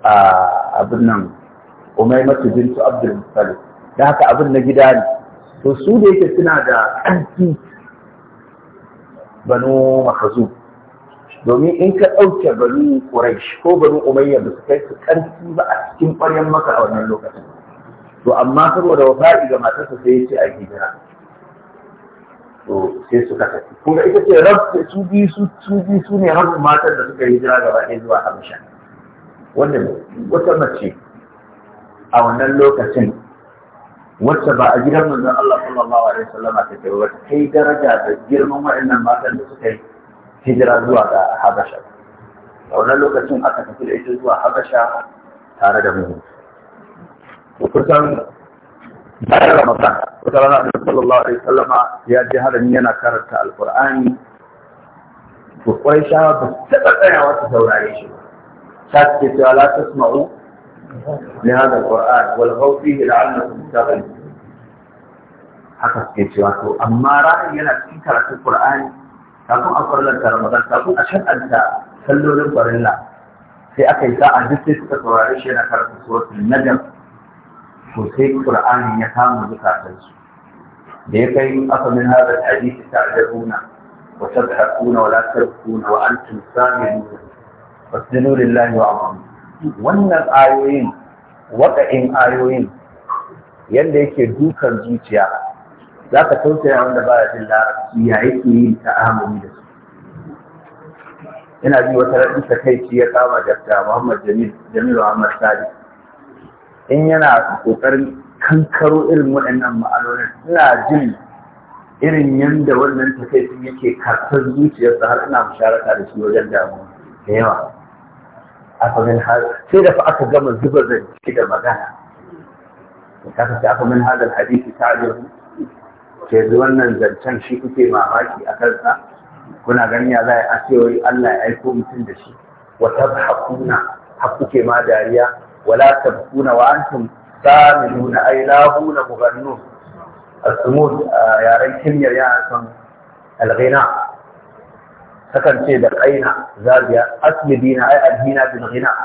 a abin nan Umaymatu bintu Abdul Muttalib da haka abin na gida ne to su da yake suna da ƙarfi banu makazu domin in ka ɗauke banu Quraish ko banu Umayya ba su kai su ƙarfi ba a cikin ƙwaryen maka a wannan lokacin to amma saboda wafa'i ga matarsa sai ya ce a gidana. to sai suka tafi kuma ita ce rab su bi su su bi su ne rabin matan da suka yi jira gaba ɗaya zuwa habasha wanda wata mace a wannan lokacin wacce ba a gidan manzon Allah sallallahu alaihi wasallam ta ce ba kai daraja da girman waɗannan matan da suka yi hijira zuwa ga habasha a wannan lokacin aka tafi da ita zuwa habasha tare da mu kusan bayan ramadan wata rana da sallallahu alaihi sallama ya je harin yana karanta alkur'ani to kwai shawa ba ta tsayawa ta saurare shi ta ce cewa la tasma'u li hada alqur'an wal ghaw fihi la'allakum taghlibun haka suke cewa to amma ranar yana cikin karatun qur'ani kafin a farlanta ramadan kafin a shar'anta sallolin farilla sai aka yi sa'a duk sai suka saurare shi yana karanta suratul najm to sai qur'ani ya kama zukatan su da ya kai aka min hada hadisi ta'jabuna wa tadhakuna wa la tarkuna wa antum samidun fasjudu lillahi wa amanu wannan ayoyin waɗa'in ayoyin yadda yake dukan zuciya za ka tausaya wanda ba ya jin larabci ya yake yi ta da su ina ji wata raɗin takaici ya kama da muhammad jamil muhammad sadiq in yana ƙoƙarin kankaro irin waɗannan ma'anonin ina jin irin yadda wannan takaifin yake karfar zuciyarsa har ina musharaka da shi wajen damu da yawa a famin har sai da fa aka gama zuba zance da magana ta kace aka min hadal hadisi ta ajiyar ke wannan zancen shi kuke mamaki a kansa kuna gani ya zai a cewa Allah ya aiko mutum da shi wata hakuna, har ma dariya ولا تبكون وأنتم سامدون أي لاهون مغنون الصمود آه، يا ريتني يا يا الغناء سكن شيء بالعين يا أصل دينا أي ادينا بالغناء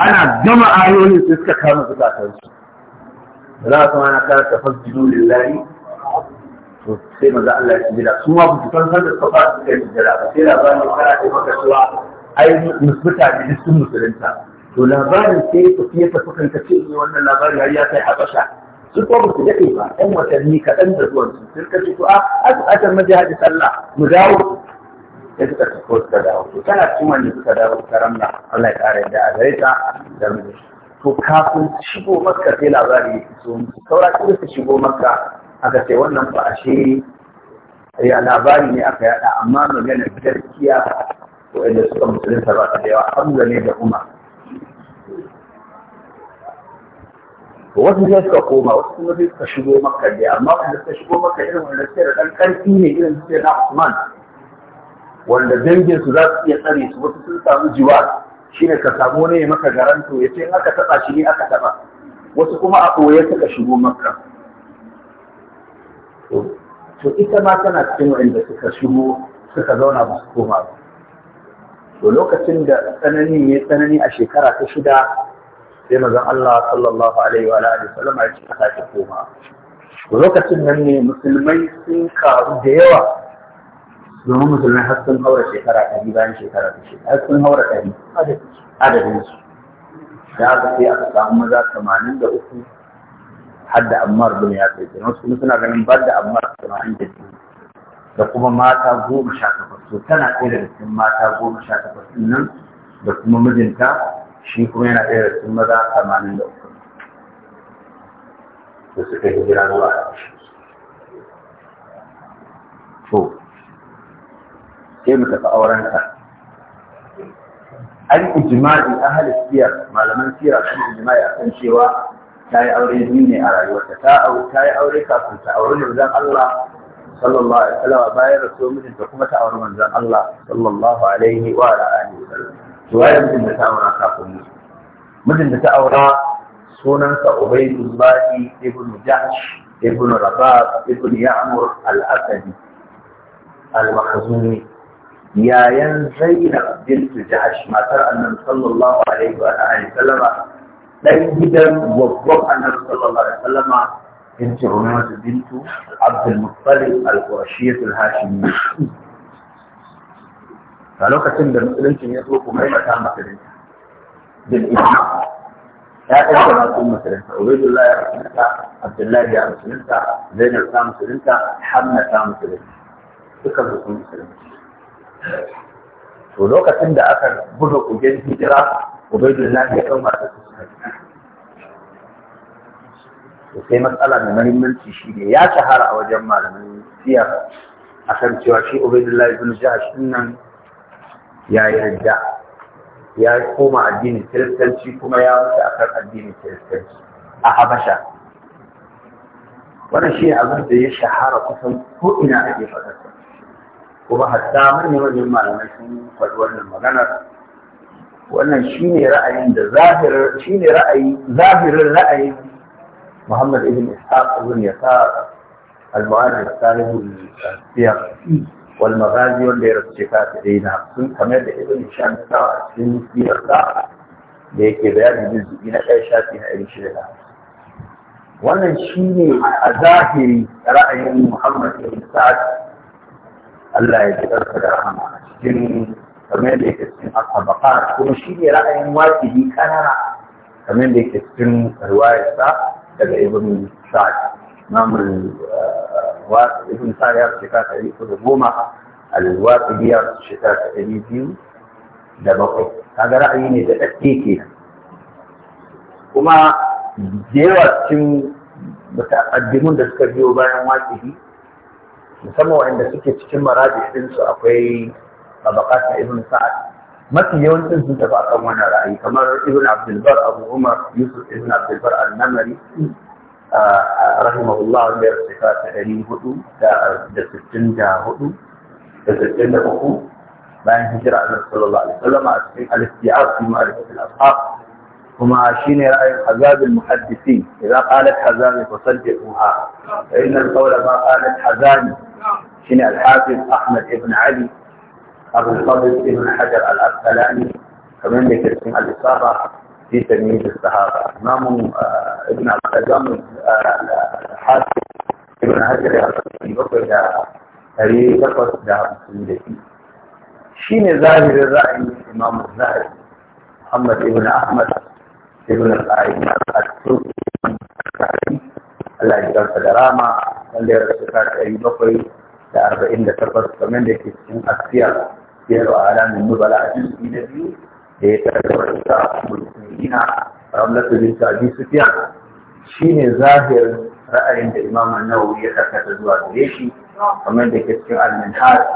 أنا جمع عيوني تسكى كامل بتاعتهم لا انا كانت تفضلوا لله sai maza Allah ya ci gida su ma ba su san san da suka ai mutane duk sun musulunta to labarin sai ku fiye ta sukan ka ce wannan labarin har ya kai habasha su ko ba su daɗe ba ɗan watanni kaɗan da zuwan su sun kace to a asar maji sallah mu dawo sai suka tafi suka dawo to tana cikin wanda suka dawo suka ramla Allah ya ƙara yadda a gare ta da mu to kafin shigo makka sai labari ya fito musu saura kuma su shigo makka aka ce wannan ba ashe ya labari ne aka yada amma maganar gaskiya wanda suka musulunta ba da yawa hamza ne da umar wasu sai suka koma wasu kuma sai suka shigo maka da amma wanda suka shigo maka irin wanda suke da ɗan ƙarfi ne irin su na usman wanda dangin su za su iya tsare su wasu sun samu jiwa shine ka samu ne maka garanto ya ce in aka taɓa shi ne aka taɓa wasu kuma a ɓoye suka shigo maka. to ita ma tana cikin wanda suka shigo suka zauna ba su koma ba to lokacin da tsananin ya tsanani a shekara ta shida sai mazan Allah sallallahu alaihi wa alihi sallama ya ce a sake koma lokacin nan ne musulmai sun karu da yawa domin musulmai har sun haura shekara ɗari bayan shekara ta shida har sun haura ɗari adadin su da aka sai aka samu maza tamanin da uku har da ammar bin ya tsaye wasu kuma suna ganin ba da ammar tamanin da biyu da kuma mata goma sha takwas to tana ɗaya daga cikin mata goma sha takwas ɗin nan da kuma mijinta shi kuma yana ɗaya daga cikin maza tamanin da uku da suka yi hijira zuwa ƙarshe to sai mu tafi aurenta an a halin siyar malaman siyar sun a kan cewa ta yi aure biyu ne a rayuwarta ta yi aure kafin ta aure ne manzon Allah sallallahu alaihi wasallam bayan rasuwar mijinta kuma ta auri manzon Allah sallallahu alaihi wa ala alihi wasallam to wai da ta aura kafin mu mijin da ta aura sunansa Ubaydullah ibn Jahsh ibn Rabab ibn Ya'mur al-Asadi al-Makhzumi yayan Zainab bint Jahsh matar Annabi sallallahu alaihi wa alihi wasallam dan gidan babban Annabi sallallahu alaihi wasallam بنت رمانة بنت عبد المطلب القرشية الهاشمية فلوكتين ده مسلمتين يطلقوا مهمة كان مسلمتها بالإجماع يا إنت ما تكون مسلمتها عبيد الله يا مسلمتها عبد الله يا مسلمتها زين يا مسلمتها حمد يا كان dukkan su sun musulunci to lokacin da aka buga kujen وجن ubaidullah ya الله masu su to sai matsala mai mahimmanci shi ne ya shahara a wajen malamin siyasa akan cewa shi ubaidullahi ibn jahash nan ya yarda ya koma addinin kiristanci kuma ya mutu akan addinin kiristanci a habasha wannan shi abin da ya shahara kusan ko ina a gefen ƙasa kuma hatta manyan manyan malamai sun faɗi wannan magana. wannan shi ne ra'ayin da zahirar shi ne ra'ayi zahirin ra'ayin محمد بن إسحاق بن يسار المؤرخ صاحب السياق والمغازي والدير الشفاء لدينا سن كما da ibn hisham ta cikin sirarsa da yake bayani juz'i na ɗaya shafi na ɗari shida wannan shine a zahiri ra'ayin Muhammad ibn Sa'ad Allah ya ji karka da rahama cikin kamar da yake cikin asabaka kuma shine ra'ayin wajibi kanara kamar da yake cikin riwayarsa daga ibn sa'ad mamul ibn sa'ad ya shiga ta ɗari da goma alwaɗi ya shekara ta ɗari biyu da bakwai kaga ra'ayi ne da ɗaske ke kuma da yawa cikin mutaqaddimun da suka biyo bayan waƙihi musamman waɗanda suke cikin maraji ɗinsu akwai tabaqat na ibn sa'ad mafi yawancin su da ba kan wannan ra'ayi kamar ibn abdulbar abu umar yusuf ibn abdulbar al-namari rahimahullah da ya rasu ta ɗari hudu da da sittin da hudu da sittin da uku bayan hijira a sallallahu alaihi wasallam a cikin al-istiyar fi ma'rifat al-ashab kuma shine ra'ayin al-muhaddisin idan qalat hazabi fa saddiquha fa inna al-qawla ma qalat hazani shine al-hafiz ahmad ibn ali أبو الفضل بن حجر الأسقلاني فمملكة الإصابة في تلميذ الصحابة إمام آه، ابن التجمد الحاسب آه، ابن حجر الأسقلاني وقد تريد قصة مسلمتي شين ظاهر الرأي إمام الظاهر محمد ابن أحمد ابن الرأي الأسقلاني الله يجعل فدراما الذي يرسل كاتب أي بقري لأربعين لتقص فمن ذلك أسقلاني سير أعلام النبلاء جزء نبي يتكرر المسلمين رملة بنت أبي سفيان شين ظاهر رأي الإمام النووي يتكرر زوال ليشي ومن ذلك المنهاج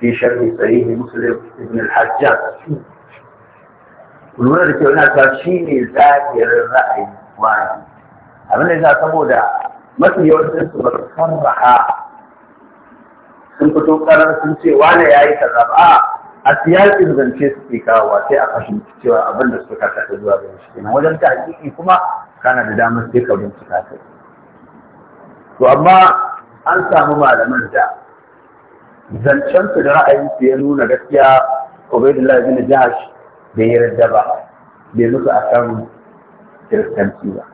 في شرح صحيح مسلم ابن الحجاج lura da kyau na ta shi ne zahirin ra'ayin wani abin da za saboda mafi yawancin su ba sarraha sun fito karar sun ce wane ya yi kaza ba a siyasin zance suke kawowa sai a fahimci cewa abin da suka kasa zuwa gare shi kenan wajen ta hakiki kuma kana da damar sai ka bincika ta to amma an samu malaman da zancen su da ra'ayin su ya nuna gaskiya Ubaidullah ibn da bai yarda ba bai musu akan kiristanci ba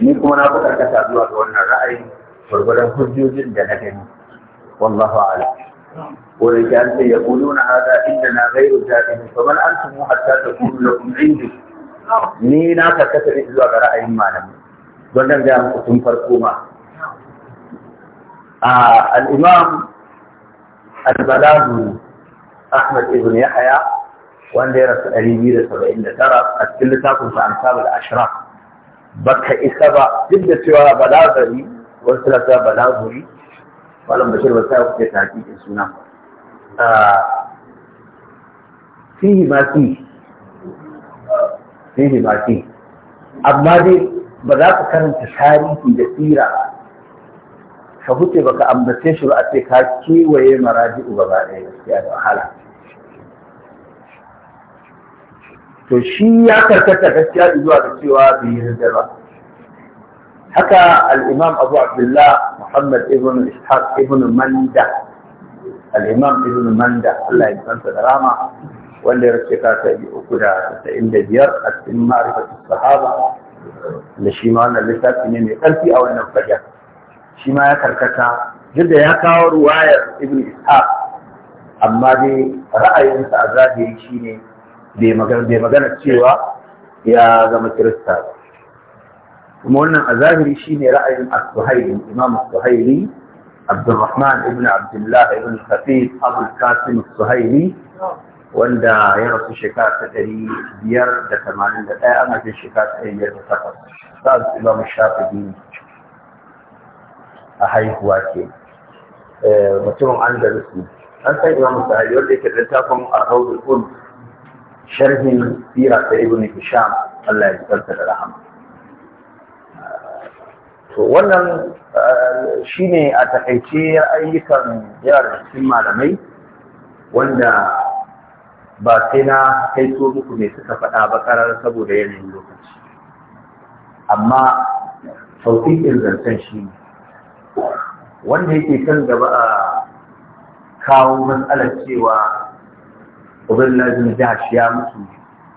ni kuma na buƙatar zuwa ga wannan ra'ayin gwargwadon hujjojin da na gani wallahu a'lam ولك أنت يقولون هذا إننا غير جائعين فمن أنتم حتى تكون لكم عندي ni na karkata zuwa ga ra'ayin malami don nan ga tun farko ma al al-balagu Ahmad ibn Yahya wanda ya rasu 279 a cikin littafin sa Ansab al-Ashraf baka isa ba duk da cewa Balabari, wasu rasa malam bashir ba sai taki takikin suna ah, fihi baki fihi baki amma dai ba za ka karanta tarihi da tsira ka huce baka ambace shi ba a ce ka kewaye maraji ba ba ɗaya gaskiya da wahala to shi ya karkata gaskiya zuwa da cewa bai yi ba haka al abu abdullah muhammad ibn ishaq ibn manda al ibn manda Allah ya kansa da rama wanda ya race kasa ta uku da sa'in da biyar a cikin ma'rifatu sahaba da shi ma wannan littafi ne mai ƙarfi a wannan fajar shi ma ya karkata duk da ya kawo ruwayar ibn ishaq amma dai ra'ayinsa a zahiri shine bai magana cewa ya zama kirista ba كما قلنا الظاهري شيني رأي الصهيلي الإمام الصهيلي عبد الرحمن ابن عبد الله ابن الخفيف أبو القاسم الصهيلي وندا يرس شكاكة تري ديار دا كمان دا تاي أما في شكاكة أي ديار سفر أستاذ الإمام الشافعي أحي هواكي مطلوب عن ذا أنت الإمام الصهيلي يقول لك رتاكم أرهود الأنف شرح سيرة ابن هشام الله يسلمك الرحمن to wannan eh, shine a takaice ayyukan yara cikin malamai wanda ba sai na kai so muku mai suka faɗa ba karar saboda yanayin lokaci amma sauƙin zancen shi ne wanda yake kan gaba a kawo matsalar cewa ubin lajin jihar ya mutu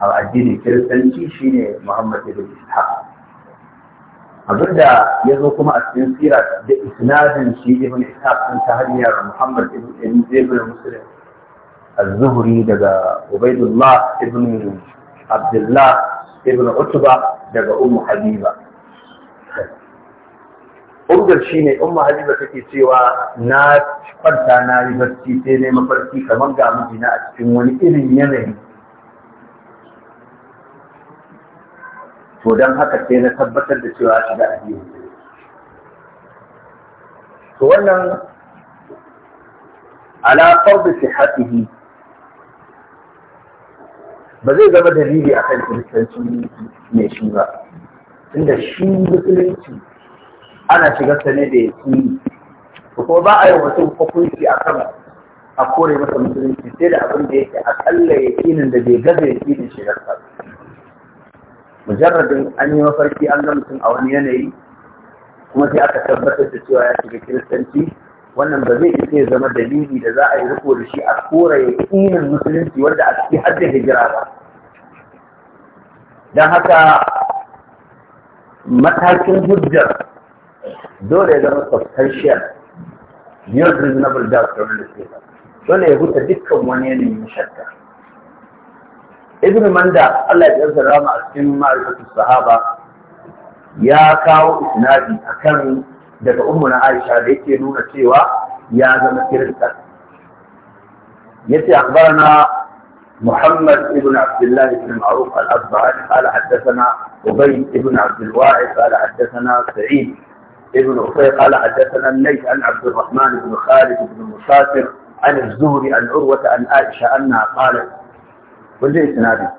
a addinin kiristanci shine muhammad ibn ishaq Abin da ya zo kuma a cikin sira da isnadin shi ibn ishaq din ta hanyar muhammad ibn ibn muslim az-zuhri daga ubaydullah ibn abdullah ibn utba daga ummu habiba Urgar shi ne, Umma Habiba take cewa na kwanta na yi barci sai na mafarki kamar ga mijina a cikin wani irin yanayi to don haka sai na tabbatar da cewa shiga addini to wannan alaƙar da fardu sihhatihi ba zai zama dalili akan kiristanci mai shi ba inda shi musulunci ana shiga sane da yi ko ba a yi mutum hukunci akan a kore masa musulunci sai da abin da yake aƙalla yakinin da bai gaza yakinin shigar sa mujarradin an yi mafarki an ga mutum a wani yanayi kuma sai aka tabbatar da cewa ya shiga kiristanci wannan ba zai isa ya zama dalili da za a yi riko da shi a ya ƙinin musulunci wanda a ciki har da hijira ba don haka matakin hujjar dole ya zama substantial near reasonable doubt kamar da ba. dole ya huta dukkan wani yanayin shakka ibn manda Allah ya yarda rama a cikin ma'rifatu sahaba ya kawo isnadi akan daga ummu na Aisha da yake nuna cewa ya zama yace akhbarana محمد بن عبد الله بن معروف الأصبهاني قال حدثنا أبي بن عبد الواعي قال حدثنا سعيد بن أخي قال حدثنا الليث عن عبد الرحمن بن خالد بن مسافر عن الزهري عن عروة عن عائشة أنها قالت kullum isnadin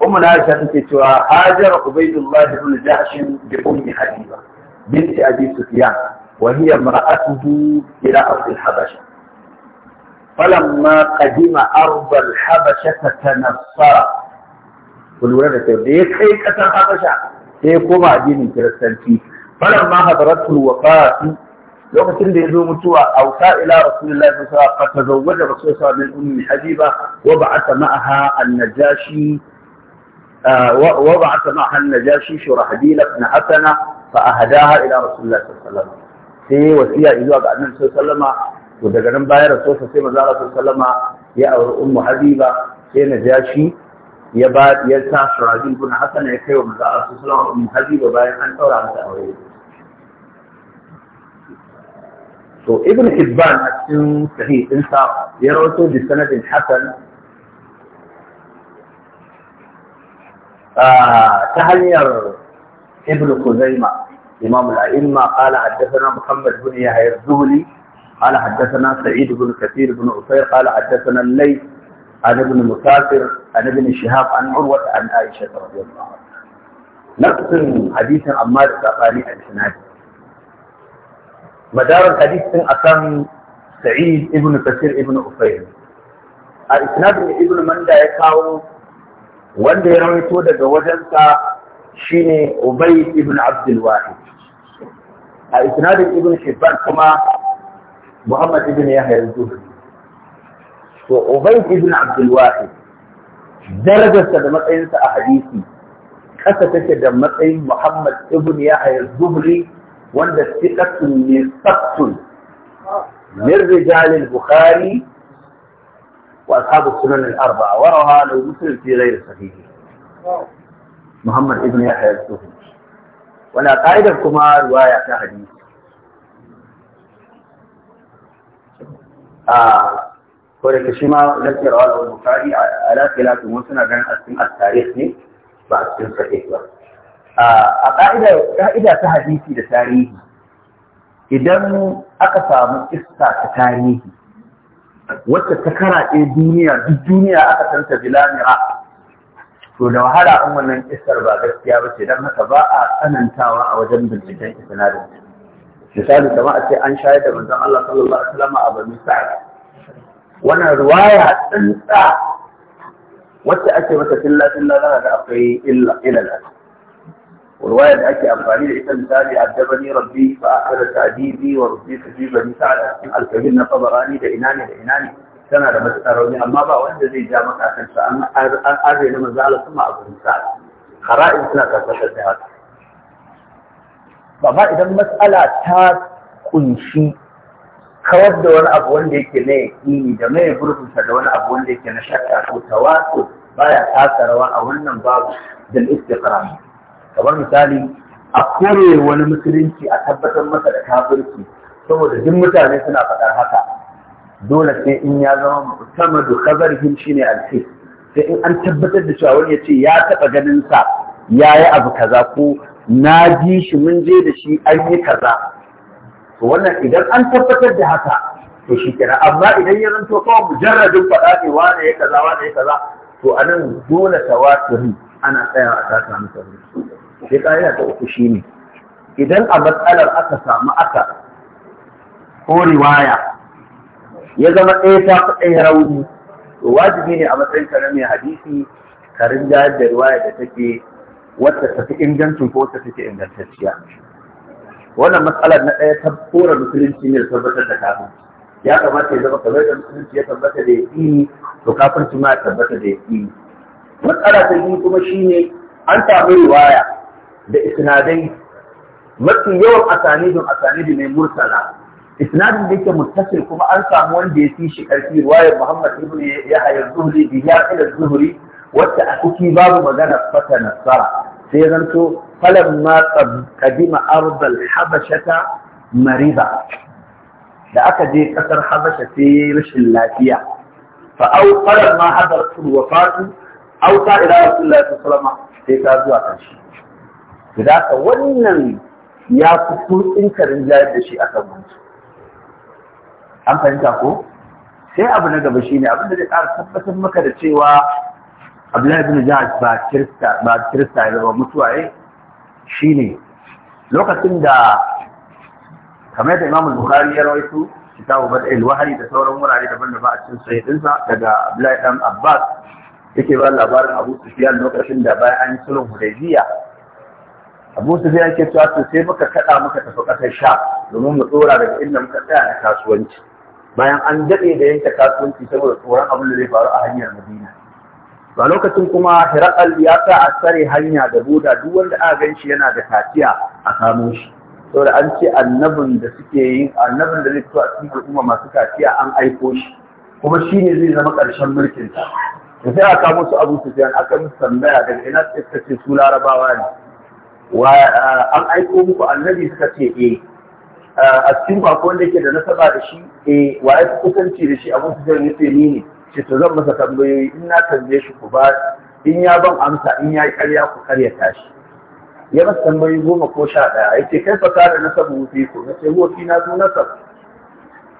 ummu na aisha take cewa hajar ubaydullah ibn jahsh bi ummi habiba binti abi sufyan wa hiya mar'atuhu ila ardh al-habasha falamma qadima ardh al-habasha tanassara kullu da ta da kai kasar habasha sai koma addinin kiristanci falamma hadaratu al-wafati lokacin da ya zo mutuwa auka ila rasulullahi sallallahu alaihi wasallam fa tazawwaja rasulullahi min ummi habiba wa ba'atha ma'aha an-najashi wa ba'atha ma'aha an-najashi shurahbil ibn hasana fa ahadaha ila rasulullahi sallallahu alaihi wasallam sai wasiya zuwa ga annabi sallallahu alaihi wasallam to daga nan bayan rasulullahi sai manzo sallallahu alaihi wasallam ya aure ummu habiba sai najashi ya ba ya sa shurahbil ibn hasana ya kai wa manzo sallallahu alaihi wasallam ummu habiba bayan an daura masa aure to ibn hibban a cikin sahih ɗinsa ya rawato تهنير ابن خزيمة إمام الأئمة قال حدثنا محمد بن يحيى الزهلي قال حدثنا سعيد بن كثير بن عفير قال حدثنا الليث عن ابن مسافر عن ابن شهاب عن عروة عن عائشة رضي الله عنها نقسم نفس حديث عمار عن الإسنادي Madawar hadith din akan sa'id ibn kasir ibn ufayl a isnadin ibn manda ya kawo wanda ya rawaito daga wajensa shine ubay ibn abd a isnadin ibn shibban kuma muhammad ibn yahya zuhri to ubay ibn abd darajarsa da matsayinsa a hadisi kasa take da matsayin muhammad ibn yahya zuhri wanda siƙatun ne sabtun min rijalil bukhari wa ashabu sunan al-arba'a wa rawaha lahu muslim fi ghayr sahih muhammad ibn yahya al-sufi wala qa'idar kuma riwaya ta hadisi a kodake shi ma lafiyar wa'ala wal bukhari ala khilafin wasu na ganin a cikin at-tarikh ne ba a cikin sahih ba a ƙa'ida ta hadisi da tarihi idan aka samu iska ta tarihi wacce ta karaɗe duniya duk duniya aka santa bilamira to da wahala an wannan iskar ba gaskiya ba ce don haka ba a tsanantawa a wajen binciken isnadin misali kama a ce an shayar da manzon Allah sallallahu alaihi wasallam a Bani Sa'id wannan riwaya tsantsa wacce ake mata filla filla za ga akwai illa ilal ورواية أكي أفعالي لإيسا مثالي أدبني ربي فأحد تأديبي وربي تجيب بني سعلا الكبيرنا طبراني لإناني لإناني سنة لما تتروني أما بقى وإنجا زي جامك عشان فأنا أري لما زال ثم أبني سعلا خرائب سنة تصحيح هذا بابا إذا matsala ta كنشي kawar da wani abu wanda yake na yaƙini da mai gurbinsa da wani abu wanda yake na shakka ko tawaso baya tasa a wannan babu da istiqrar kamar misali a kore wani musulunci a tabbatar masa da kafirci saboda duk mutane suna faɗar haka dole sai in ya zama musamman shi ne alfi sai in an tabbatar da cewa wani ya ce ya taɓa ganin sa ya yi abu kaza ko na ji shi mun je da shi an yi kaza to wannan idan an tabbatar da haka to shi kenan amma idan ya zanto kawai mujarradin faɗa ne wane ya kaza wane ya kaza to anan dole tawaturi ana tsaya a tasa masa sai ƙa'ida ta uku shi ne idan a matsalar aka samu aka ko riwaya ya zama ɗaya ta fi ɗaya rauni to wajibi ne a matsayin ka na mai hadisi ka rinja da riwaya da take wacce ta fi ingancin ko wacce take ingantacciya wannan matsalar na ɗaya ta kora musulunci ne da tabbatar da kafin ya kamata ya zama kamar da musulunci ya tabbata da yaƙini to kafin ma ya tabbata da yaƙini matsala ta biyu kuma shine an samu riwaya da isnadai mafi yawan asanidun asanidi mai mursala isnadin da yake muttasil kuma an samu wanda ya fi shi karfi ruwayar Muhammad ibn Yahya Zuhri bi Yaqil Zuhri wacce a ciki babu magana fata nasara sai zanto falan ma qadima ardal habashata mariba da aka je kasar habasha sai yayi rashin lafiya fa au falan ma hadaratul wafatu au ta ila rasulullahi sallallahu alaihi wasallam sai ta zuwa karshe da ka wannan ya fi tutsin karin jayar da shi a kan an fahimta ko sai abu na gaba shi ne, abin da zai ƙara tabbatar maka da cewa Abdullahi bin Jahaj ba kirista ba kirista ya zama shi eh, shine lokacin da kamar da Imam Bukhari ya rawaito kitabu Bad'il Wahyi da sauran wurare daban-daban a cikin sahihinsa daga Abdullahi dan Abbas yake ba labarin Abu Sufyan lokacin da bayan an yi da Hudaybiya abu su zai ake cewa to sai muka kaɗa muka tafi kasar sha domin mu tsora daga inda muka tsaya a kasuwanci bayan an daɗe da yanke kasuwanci saboda tsoron abin da zai faru a hanyar madina ba lokacin kuma hirakal ya sa a tsare hanya da buda duk wanda aka gan shi yana da kaciya a samo shi saboda an ce annabin da suke yi, annabin da zai fito a cikin al'umma masu kaciya an aiko shi kuma shi ne zai zama ƙarshen mulkinsa da sai aka musu abu su aka musu tambaya daga ina suka ce su larabawa ne wa uh, an aiko muku annabi suka ce eh uh, a cikin bako wanda yake da nasaba da shi eh wa ya kusanci da shi abin su zai nufe ni ne shi to zan masa tambayoyi in na tambaye shi ku ba in ya ban amsa in ya yi karya ku karya tashi ya masa tambayi goma ko sha ɗaya ya ce kai fa da nasabu fi ku na ce huwa na su nasab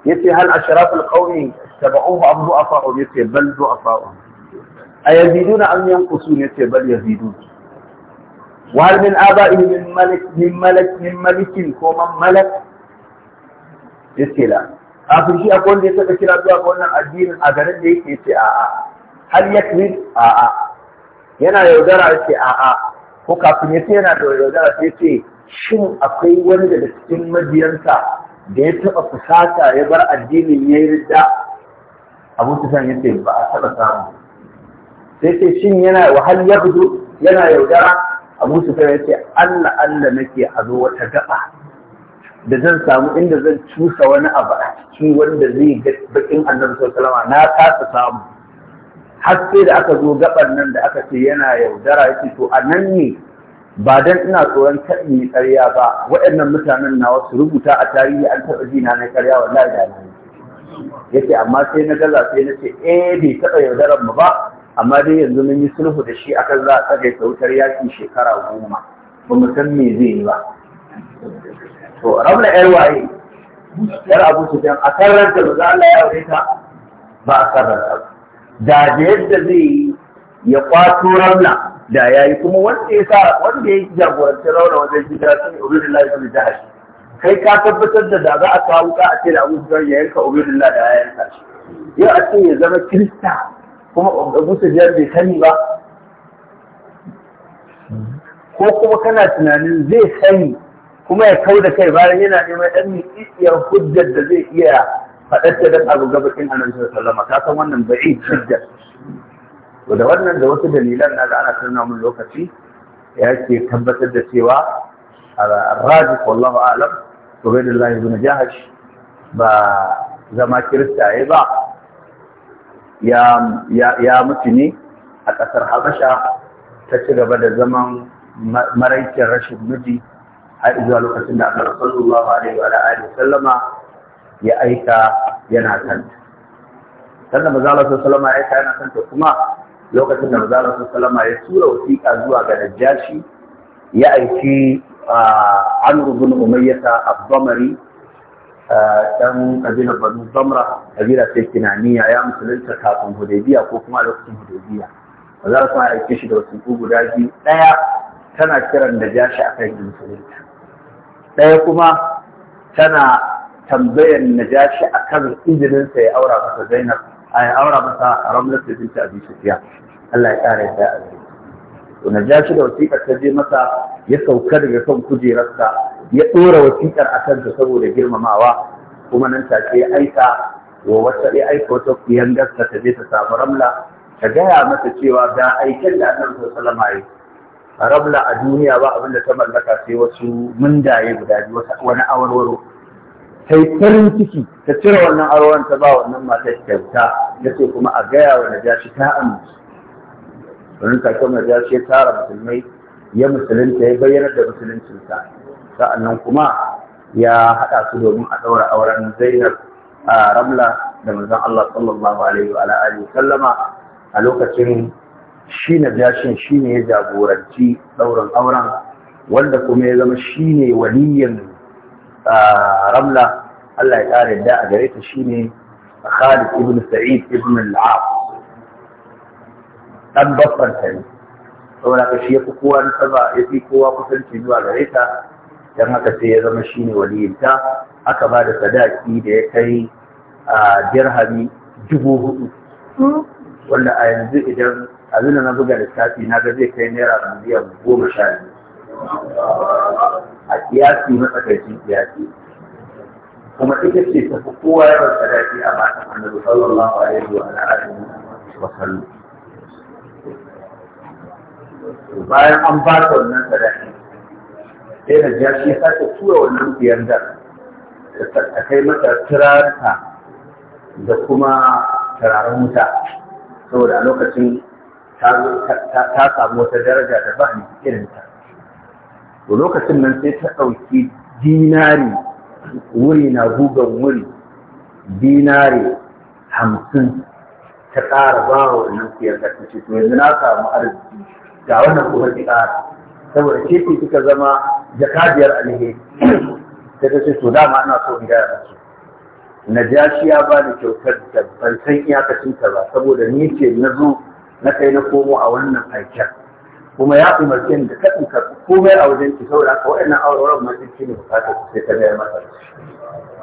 ya ce hal ashrafal qawmi tabauhu am du'afa'u ya ce bal du'afa'u ayaziduna am yankusu ya ce bal yazidu. وهل من آبائه من ملك من malik? من ملك ko man malak yace la kafin shi akwai wanda ya saka kira zuwa ga wannan addinin a garin da yake ce a a hal yakwi a a yana yaudara yace a a ko kafin yace yana da yaudara sai ce shin akwai wani daga cikin mabiyansa da ya taba fusata ya bar addinin yayi ridda Abu Sufyan yace ba a taba samu sai ce shin yana wahal yabdu yana yaudara abu su ya ce allah allah nake a zo wata gaba da zan samu inda zan cusa wani abu a ciki wanda zai ga bakin annabi sallallahu na kasa samu har sai da aka zo gaban nan da aka ce yana yaudara yake to a nan ne ba dan ina tsoron kaɗin yi ƙarya ba waɗannan mutanen na wasu rubuta a tarihi an taɓa ji na na ƙarya wallahi da na yace amma sai na gaza sai na ce eh bai taɓa yaudaran mu ba amma dai yanzu mun yi sulhu da shi akan za a ta wutar yaƙi shekara goma ba mu san me zai yi ba to rabna yar waye yar abu su a kan ranta ba za a laya wani ta ba a kan ranta da da yadda zai yi ya kwato rabna da ya yi kuma wanda ya sa wanda ya jagoranci rauna wajen gida sun yi ubidillahi sun jihar kai ka tabbatar da da za a kawo ka a ce da abu su ya yanka ubidillahi da ya yanka shi yau a ce ya zama kirista kuma abu sufyan bai sani ba ko kuma kana tunanin zai sani kuma ya kau da kai bayan yana neman ɗan miƙiƙiyar hujjar da zai iya faɗar da dan abu gabakin annabi sallama ka san wannan bai hujja to da wannan da wasu dalilan na da ana tuna mun lokaci ya ke tabbatar da cewa الراجح والله اعلم عبيد الله بن jihar, ba zama kiristaye ba ya mutu ne a ƙasar habasha ta ci gaba da zaman maraikin rashin miji har zuwa lokacin da aka sallallahu alaihi wa alihi sallama ya aika yana kanta sannan mazalar sallama ya aika yana kanta kuma lokacin da mazalar sallama ya tura wasiƙa zuwa ga najashi ya aiki a amru bin umayyata abdamari Ɗan kabilar banu zamra kabila sai kinaniya ya musulunta kafin hudaybiya ko kuma lokacin hudaybiya ba za su aike shi da wasiƙu guda biyu ɗaya tana kiran da jashi a kan musulunta ɗaya kuma tana tambayar najashi a kan izininsa ya aura masa zainab a ya aura masa ramlar da binta abi sufiya Allah ya ya ta a zai to najashi da wasikar ta je masa ya sauka daga kan kujerarsa ya ɗora wasiƙar a kanta saboda girmamawa kuma nan ta ya aika wa wata ya aika wata kuyan gaska ta je ta samu ramla ta gaya mata cewa ga aiken da annabi sallallahu alaihi ramla a duniya ba abin da ta mallaka sai wasu mundaye guda biyu wani awarwaro ta yi farin ciki ta cire wannan awarwaron ta ba wannan matar kyauta ya ce kuma a gaya wa najashi ta amince wani take najashi ya tara musulmai ya musulunta ya bayyana da musuluncinsa sa'annan kuma ya haɗa su domin a ɗaura auren zainab a ramla da manzon Allah sallallahu alaihi wa alihi sallama a lokacin shi na jashin shi ne ya jagoranci ɗaurin auren wanda kuma ya zama shi ne waliyan ramla Allah ya ƙara yadda a gare ta shi ne Khalid ibn Sa'id ibn al-Af dan babban ta ne saboda shi ya fi kowa kusanci zuwa gare ta Idan haka sai ya zama shine waliyinta aka ba da sadaki da ya kai a dirhami dubu hudu wanda a yanzu idan abin da na buga lissafi na ga zai kai naira miliyan goma sha biyu a kiyasi matsakaicin kiyasi kuma ita ce ta fi kowa yawan sadaki a matan annabi sallallahu alaihi wa alihi wa sallam bayan an ba ta wannan sadaki sai ya sake tura wannan a kai mata turarta da kuma turaren wuta saboda a lokacin ta samu wata daraja da ba ni irinta to lokacin nan sai ta ɗauki dinari wuri na gugan wuri dinari hamsin ta ƙara ba wa wannan siyar ta ce to yanzu na samu arziki ga wannan kuma ki ƙara saboda ke ce kika zama jakadiyar alheri ta ta ce to dama ana so in gaya na ja shi ya ba ni kyautar da ban san iyakacinta ba saboda ni ce na zo na kai na komo a wannan aikin kuma ya umarce ni da ta ɗinka komai a wajen ki saboda haka waɗannan auren masu ci ne bukatar su sai ta gaya masa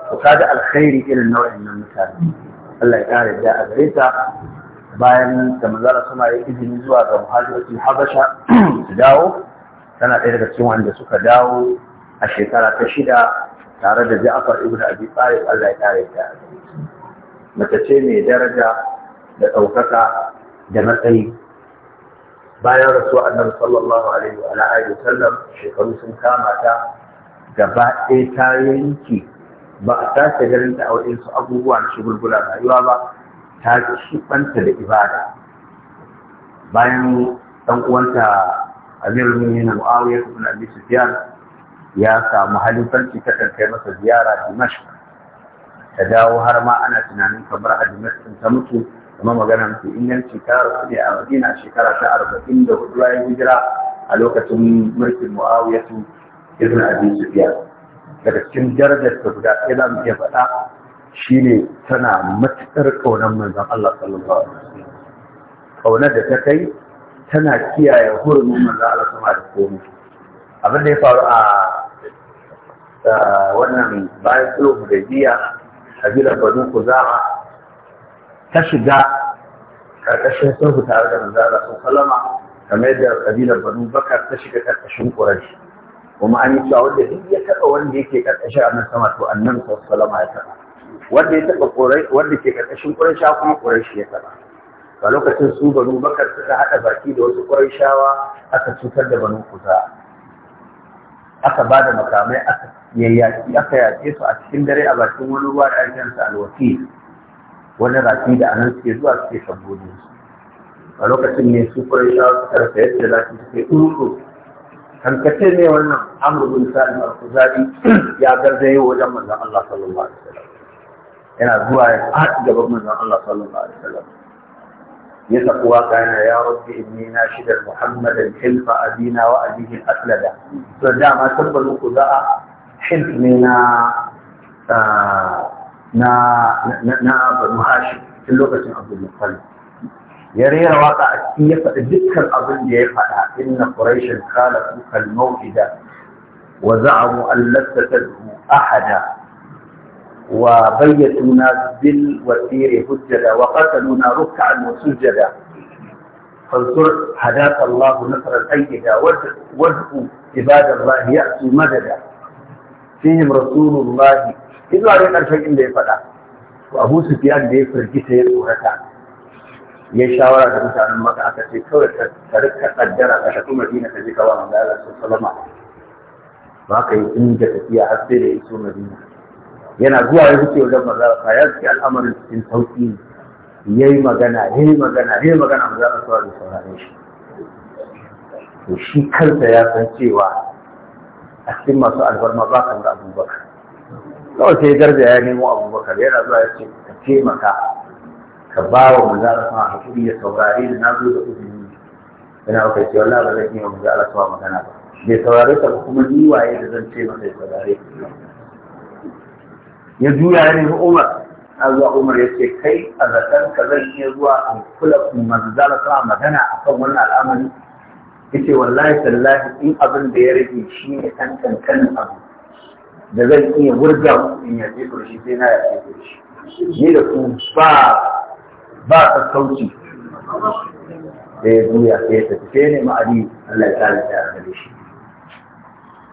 ku kaga alkhairi irin nau'in nan mutane Allah ya ƙara da a gare ta bayan da manzara suna yi izini zuwa ga muhajirin habasha su dawo tana ɗaya daga cikin wanda suka dawo a shekara ta shida tare da Ja'far ibn Abi Talib Allah ya kare ta mace ce mai daraja da ɗaukaka da matsayi bayan rasu annabi sallallahu alaihi wa alihi sallar shekaru sun kama ta gaba ɗaya ta yanki ba a sace ganin da auren su abubuwa na shugulgula rayuwa ba ta ɓanta da ibada bayan ɗan uwanta amir mumina muawiya ibn abi sufyan ya samu halifarci ta kai masa ziyara dimashq ta dawo har ma ana tunanin kamar a dimashq ta mutu kuma magana mutu inganci ta rasu ne a madina shekara ta arba'in da hudu bayan hijira a lokacin mulkin muawiya ibn abi sufyan daga cikin darajar ta guda ɗaya za mu iya faɗa shine tana matuƙar ƙaunar manzon Allah sallallahu alaihi wasallam ƙaunar da ta kai tana kiyaye hurumin manzan Allah sama da komai abin da ya faru a wannan bayan sulhu da biya kabilar banu kuzama ta shiga karkashin sulhu tare da manzan Allah sun kalama kamar yadda kabilar banu bakar ta shiga karkashin ƙurashi kuma an yi cewa wanda duk ya taɓa wanda yake karkashin annan sama to annan sallama ya taɓa wanda ya taɓa wanda ke karkashin ƙurashi kuma ƙurashi ya taɓa a lokacin su banu bakar suka haɗa baki da wasu shawa, aka cutar da banu kusa aka ba da makamai aka yace su a cikin dare a bakin wani ruwa da su alwaki wani rafi da anan suke zuwa suke shabbodin su a lokacin ne su shawa suka rasa yadda za su suke ɗuru hankace ne wannan amurbin sa'in al-kuzari ya garzaye wajen mazan Allah sallallahu alaihi wasallam yana zuwa ya faɗi gaban mazan Allah sallallahu alaihi wasallam يتقوى كان يا رب إني ناشد محمدا حلف أبينا وأبيه الأسلد فدا ما تبقى المقضاء حلف منا آه نا نا نا بن هاشم في لغة عبد المطلب ya rera waka a cikin ya faɗi dukkan abin da ya faɗa inna quraishan kala kal mawqida wa za'amu an lasta tad'u ahada وبيتونا بالوثير هجدا وقتلونا ركعا وسجدا فانصر هداك الله نصرا أيدا وادعوا عباد الله يأتوا مددا فيهم رسول الله إلا عليك شيء لا فدا وأبو سفيان دي فرجيته يسورتا ya يا da mutanen maka ما كانت kawai ka rika kaddara ka tafi madina ka je kawo manzo Allah sallallahu alaihi wasallam ba ka yi inda yana zuwa ya wuce wajen manzara ya ce al'amarin cikin sauƙi ne ya yi magana ya yi magana ya yi magana manzara sa da saurare shi to shi kansa ya san cewa a cikin masu alfarma ba kan da abubakar kawai sai garda ya nemo abubakar yana zuwa ya ce ka taimaka ka ba wa manzara sa hakuri ya saurare da na zo da izini yana kai ce wallahi ba zan iya manzara sa magana ba bai saurare ta kuma ni waye da zan ce masa ya saurare ya juya ya nemi Umar a zuwa Umar ya ce kai a zaton ka zan iya zuwa a kula kuma manzara sa magana akan wannan al'amari ya ce wallahi tallahi in abin da ya rage shi ne ɗan kankanin abu da zan iya wurga in ya ce kurshi sai na ya ce kurshi ni da ku ba ba sassauci da ya juya sai ya ce, sai ne ma'adi Allah ya kare da shi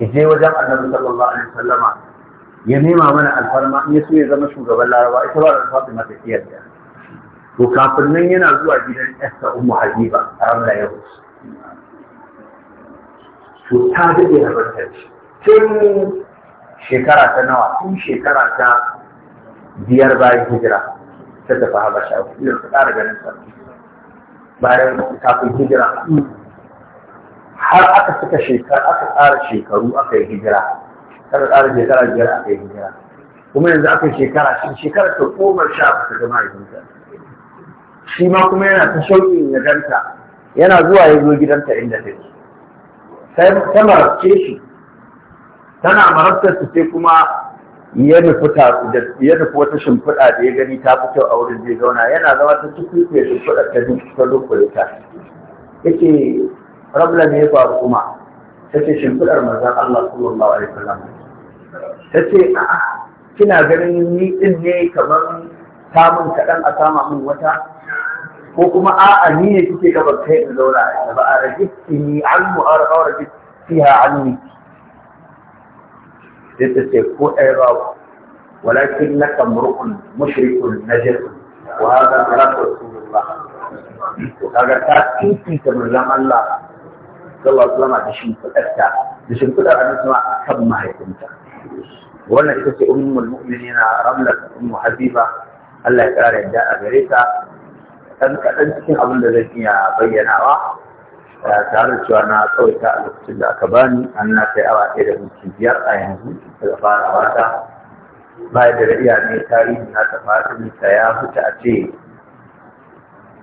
ya je wajen annabi sallallahu alaihi wasallama ya nema mana alfarma in ya so ya zama shugaban laraba ita ba da fatima ta iya da to kafin nan yana zuwa gidan yarsa ummu habiba a ranar yau to ta dade rabarta shi tun shekara ta nawa tun shekara ta biyar bayan hijira ta tafi habasha ko ta ƙara ganin sa bayan kafin hijira har aka suka shekaru aka tsara shekaru aka yi hijira aka tsara shekara biyar aka yi hijira kuma yanzu aka yi shekara shi shekara ta goma sha ba ta gama hijira shi ma kuma yana ta shauƙin ya ganta yana zuwa ya zo gidanta inda ta ke ta marabce shi tana marabtar su sai kuma ya nufi ya nufi wata shimfiɗa da ya gani ta fito a wurin zai zauna yana zama ta cikin shimfiɗa ta ta lokacin. ta yake rabla ne ya faru kuma ta ce shimfiɗar manzan Allah sallallahu alaihi wasallam ta ce a'a kina ganin ni ɗin ne kamar samun kaɗan a sama min wata ko kuma a'a ni ne kike gabar kai in zauna a ita ba a rajisti ni an mu a rajisti fiha anni sai ta ce ko ɗaya ba walakin na kamurkun mushrikun najir wa hada rasul Allah to kaga ta titi ta manzan Allah sallallahu alaihi wasallam da shimfidarta da shimfidar annabi kuma kan mahaifinta wannan ita ce ummul yana ramlat ummu habiba Allah ya kara yadda a gare ta dan kadan cikin abin da zan iya bayyanawa eh, tare da cewa na tsawaita a lokacin da aka bani an na kai awa ɗaya da mutum biyar a yanzu daga fara wata bayan da iya ne tarihi na ta fata ta ya huta a ce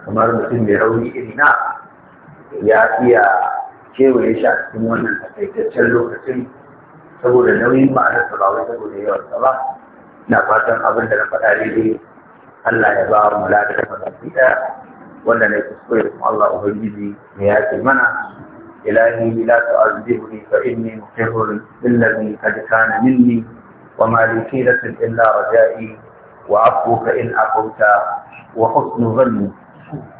kamar mutum mai rauni iri na ya iya kewaye shi a cikin wannan takaitaccen lokacin saboda nauyin ma'anar sa ba wai saboda yawan sa ba na fatan abin da na faɗa daidai Allah ya ba mu ladan mazaki ɗaya wanda na kuskure kuma Allah ubangiji ne ya ce mana ilahi la tu'azzibni fa inni muqirrun billazi qad kana minni wa ma li illa raja'i wa afuka in aquta wa husnu dhanni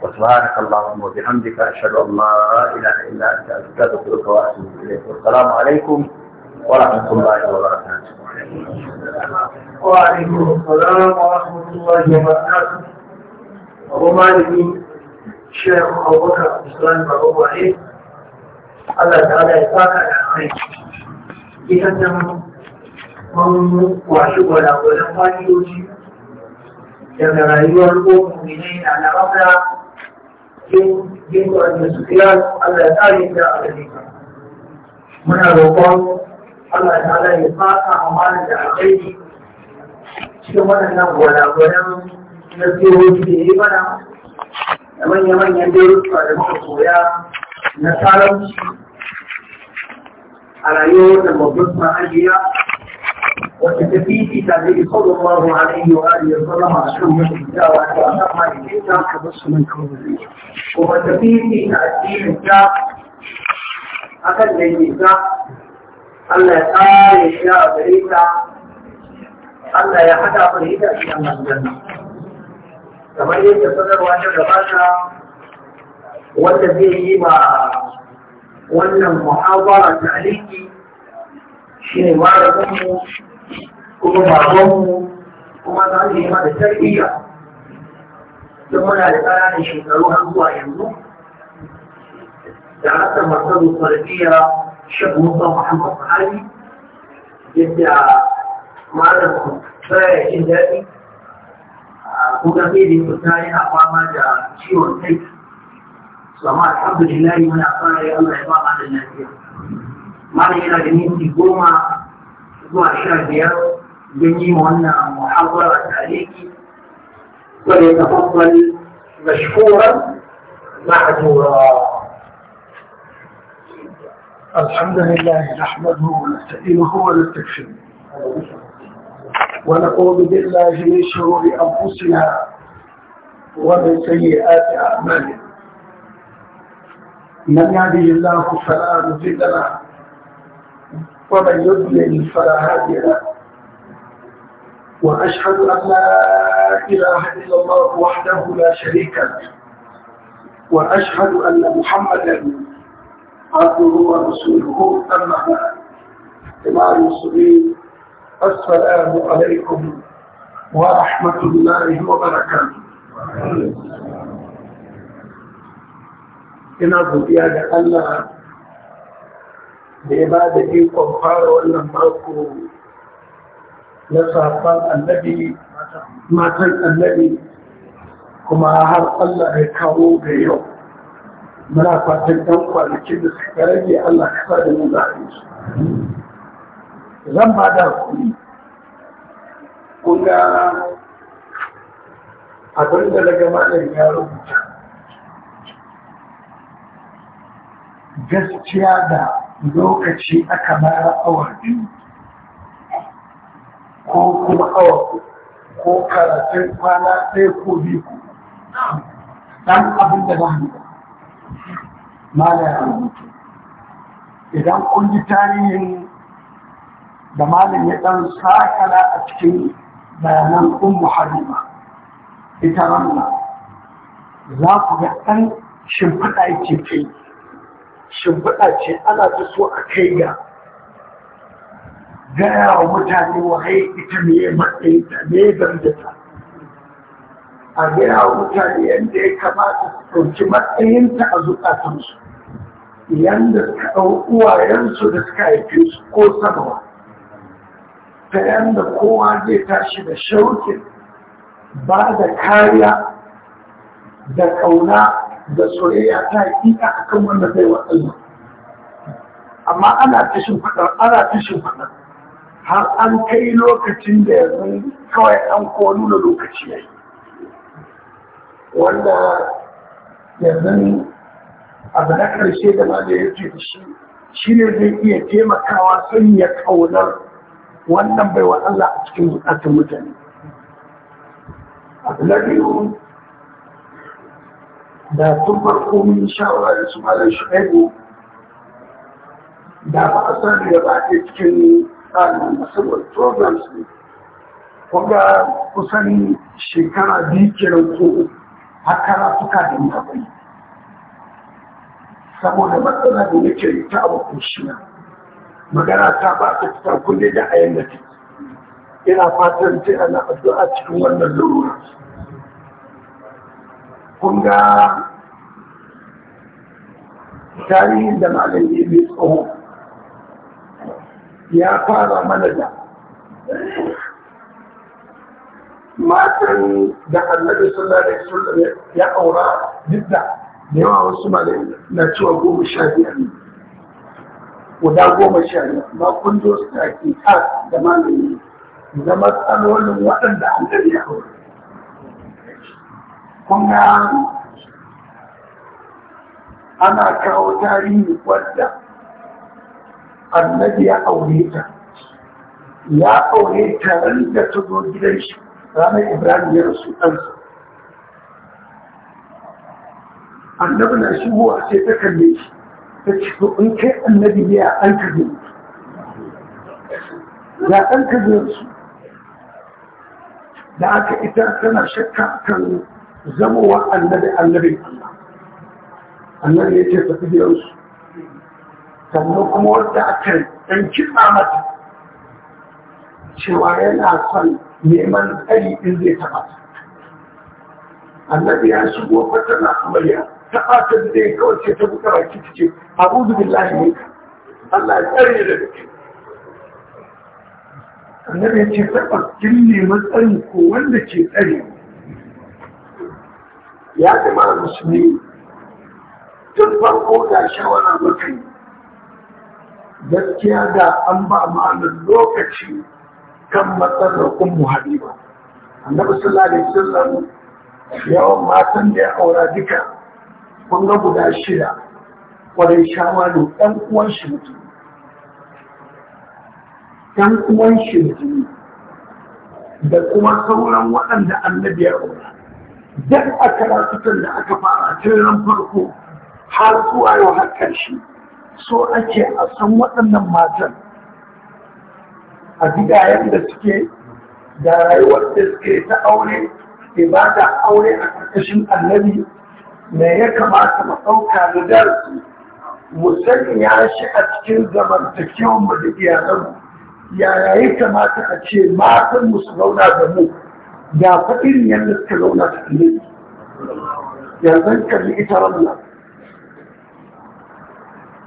وسبحانك اللهم وبحمدك أشهد أن لا إله إلا أنت أستغفرك وأتوب إليك والسلام عليكم ورحمة الله وبركاته وعليكم السلام ورحمة الله وبركاته أبو مالك الشيخ أبو بكر عبد السلام أبو وحيد الله تعالى يسالك عن الخير إذا من واشق ولا ولا قال يوجد daga rayuwar kofin minai na na'amara yin yin da su fiya Allah ya tsare ta a gare ka muna roƙon Allah ta ala ya fata amana da alheri cikin waɗannan gwanagwanan na tsiroji da yi mana da manya-manyan darussa da muka koya na taranci a rayuwar da babban ma'ajiya وتتبيه النبي صلى الله عليه وآله وسلم عشان الإسلام وأنما الإسلام كبس من كونه وتتبيه تأثير الإسلام أكل الإسلام الله تعالى يشاء بريسا الله يحدى بريسا في الجنة كما يتصدر وأنه لباشا والذي يبا وأن المحاضرة تعليقي شيء ما رقمه kuma babanmu kuma za su yi mana tarbiyya don muna da ƙananan shekaru har zuwa yanzu da haka masaru tarbiyya shabu musa muhammad sahabi yadda malam baya jin daɗi kuma sai da kuta yana fama da ciwon kai sama alhamdulillah muna fara Allah ya ba ma da lafiya malam yana da minti goma zuwa sha biyar به yi wannan muhawara tare مشكورا wanda الحمد لله نحمده ونستعينه ونستكشفه ونعوذ بالله من شرور انفسنا ومن سيئات اعمالنا من يهده الله فلا مضل له ومن يضلل فلا هادي له وأشهد أن لا إله إلا الله وحده لا شريك له وأشهد أن محمدا عبده ورسوله أما بعد إمام المسلمين السلام عليكم ورحمة الله وبركاته إن godiya يا جعلنا بإبادة ya ba أن ikon na sahabban annabi matan annabi kuma har Allah ya kawo ga yau muna fatan ɗan kwanakin da suka rage Allah ya sa da mu zaɓe su zan ba da kuɗi kunga abin da na gama da ya rubuta gaskiya da lokaci aka mara awa biyu ko kuma awa ko karatun kwana ɗaya ko biyu dan abin da za mu malam idan kun ji tarihin da malam ya ɗan sakala a cikin bayanan ummu halima ita ranta. za ku ga ɗan shimfiɗa yake kai shimfiɗa ce ana ta so a kai ga gaya wa mutane waye ita ne matsayinta ne bandita a gaya wa mutane yadda ya kamata su ɗauki matsayinta a zukatansu yadda suka ɗau uwayensu da suka haife su ko sanawa ta yadda kowa zai tashi da shaukin ba da kariya da ƙauna da soyayya ta haƙiƙa akan wanda zai waɗannan amma ana ta shimfiɗar ana ta shimfiɗar har an kai lokacin da yanzu kawai an kowa nuna lokaci ya yi wanda yanzu abu na ƙarshe da ma da ya ce da shi shi ne zai iya taimakawa sanya ƙaunar wannan bai wa Allah a cikin zukatun mutane abu na biyu da sun farko mun shawara da su malar shi da ba a sani da ba a cikin saboda programs ne kuga kusan shekara biyu ke ko hakara suka da mabai saboda matsala da yake ta abu kushina magana ta ba ta fita kulle da ayan da ta ina fatan ta ana addu'a cikin wannan lura Kunga tarihin da malam ibi tsohon ya fara mana da matan da annabi sallallahu alaihi wasallam ya aura didda da yawa wasu malai na cewa goma sha biyar guda goma sha biyar ma kun zo su take ta da malami da matsalolin waɗanda annabi ya aura kuma ana kawo tarihi wadda annabi ya aure ta ya aure ta da ta zo gidan shi ranar ibrahim ya rasu ɗansa annabi na shigowa sai ta kalle shi ta ce to in kai annabi ne a ɗan ka zai ya ɗan ka zai su da aka ita tana shakka kan zamowa annabi annabi Allah annabi ya ce tafi su. sannan kuma wadda aka ɗan kitsa mata cewa yana son neman tsari in zai taɓa annabi ya shigo fata na amarya ta ɓata da zai kawai ce ta buɗe baki ta ce abu zubin lahi ne Allah ya da dake annabi ya ce taɓa kin neman tsari ko wanda ke tsare ya zama musulmi tun farko da shawara mutum gaskiya da an ba ma'anar lokaci kan matsalar kunmu habiba annabi sallallahu alaihi wasallam yawan matan da ya aura duka kun ga guda shida kwarai shawa ne ɗan uwan shi mutum ɗan uwan shi mutum da kuma sauran waɗanda annabi ya aura duk a karatukan da aka fara tun ran farko har zuwa yau har ƙarshe so ake a san waɗannan matan a gidayen da suke da rayuwar da suke ta aure ba da aure a ƙarƙashin annabi mai ya kamata mu ɗauka da darasi mu shi a cikin zamantakewar mu da iyalanmu yaya ya kamata a ce matan musu da mu da faɗin yadda suka zauna da annabi yanzu kalli ita ramla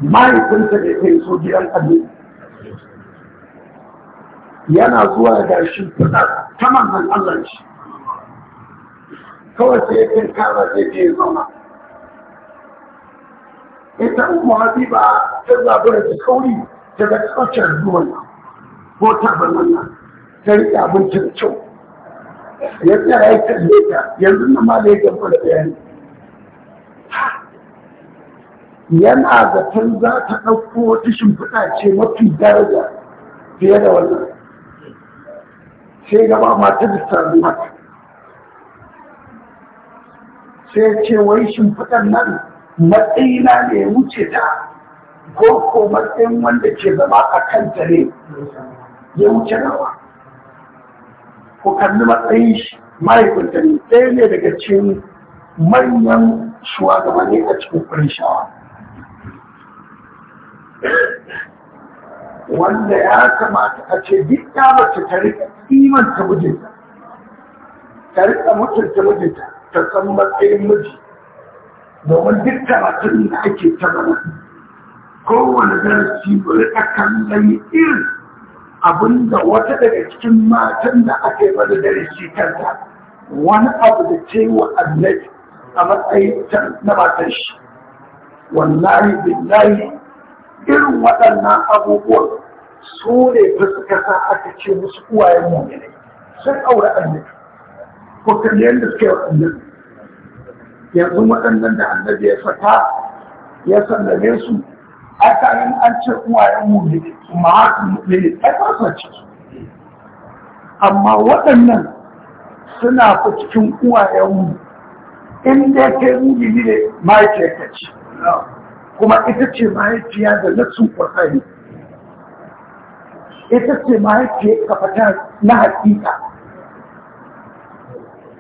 mahaifinsa ne kai so gidan abu yana zuwa da shi fada ta manzan Allah shi kawai sai yakin kara zai ke zauna ita umu habiba ta zaɓi da kauri daga tsakiyar ruwan nan ko tabarman nan ta riƙe abincin kyau ya tsaya ya kalle ta yanzu na ma da ya gaba da bayani yana zaton za ta ɗauko wata shimfiɗa ce mafi daraja fiye da wannan sai gaba mata da sami haka sai ce wai shimfiɗar nan matsayina ne wuce ta ko ko matsayin wanda ke zama a kanta ne ya wuce nawa ko kalli matsayin shi mahaifinta ne ɗaya ne daga cikin manyan shugabanni a cikin ƙurin wanda ya kamata a ce dika mace ta rika mijinta ta rika mutunta mijinta ta san matsayin miji domin duk matan da ake ta gaba kowane darasi a kan kallon irin abinda wata daga cikin matan da aka yi mana darasi kanta wani abu da ce wa annabi a matsayin na matan shi wallahi billahi irin waɗannan abubuwan su ne fa suka sa aka ce musu uwayen mummina sun aure annabi ko kan yadda suke wa annabi yanzu waɗannan da annabi ya fata ya sallame su a kayan an ce uwayen mummina ne ma haka mummina ne ai ba su ci amma waɗannan suna fa cikin uwayen mu in dai kai ne ma ke kaci kuma ita ce mahaifiya da nassun ƙwarfani ita ce mahaifiyar kafata na hakika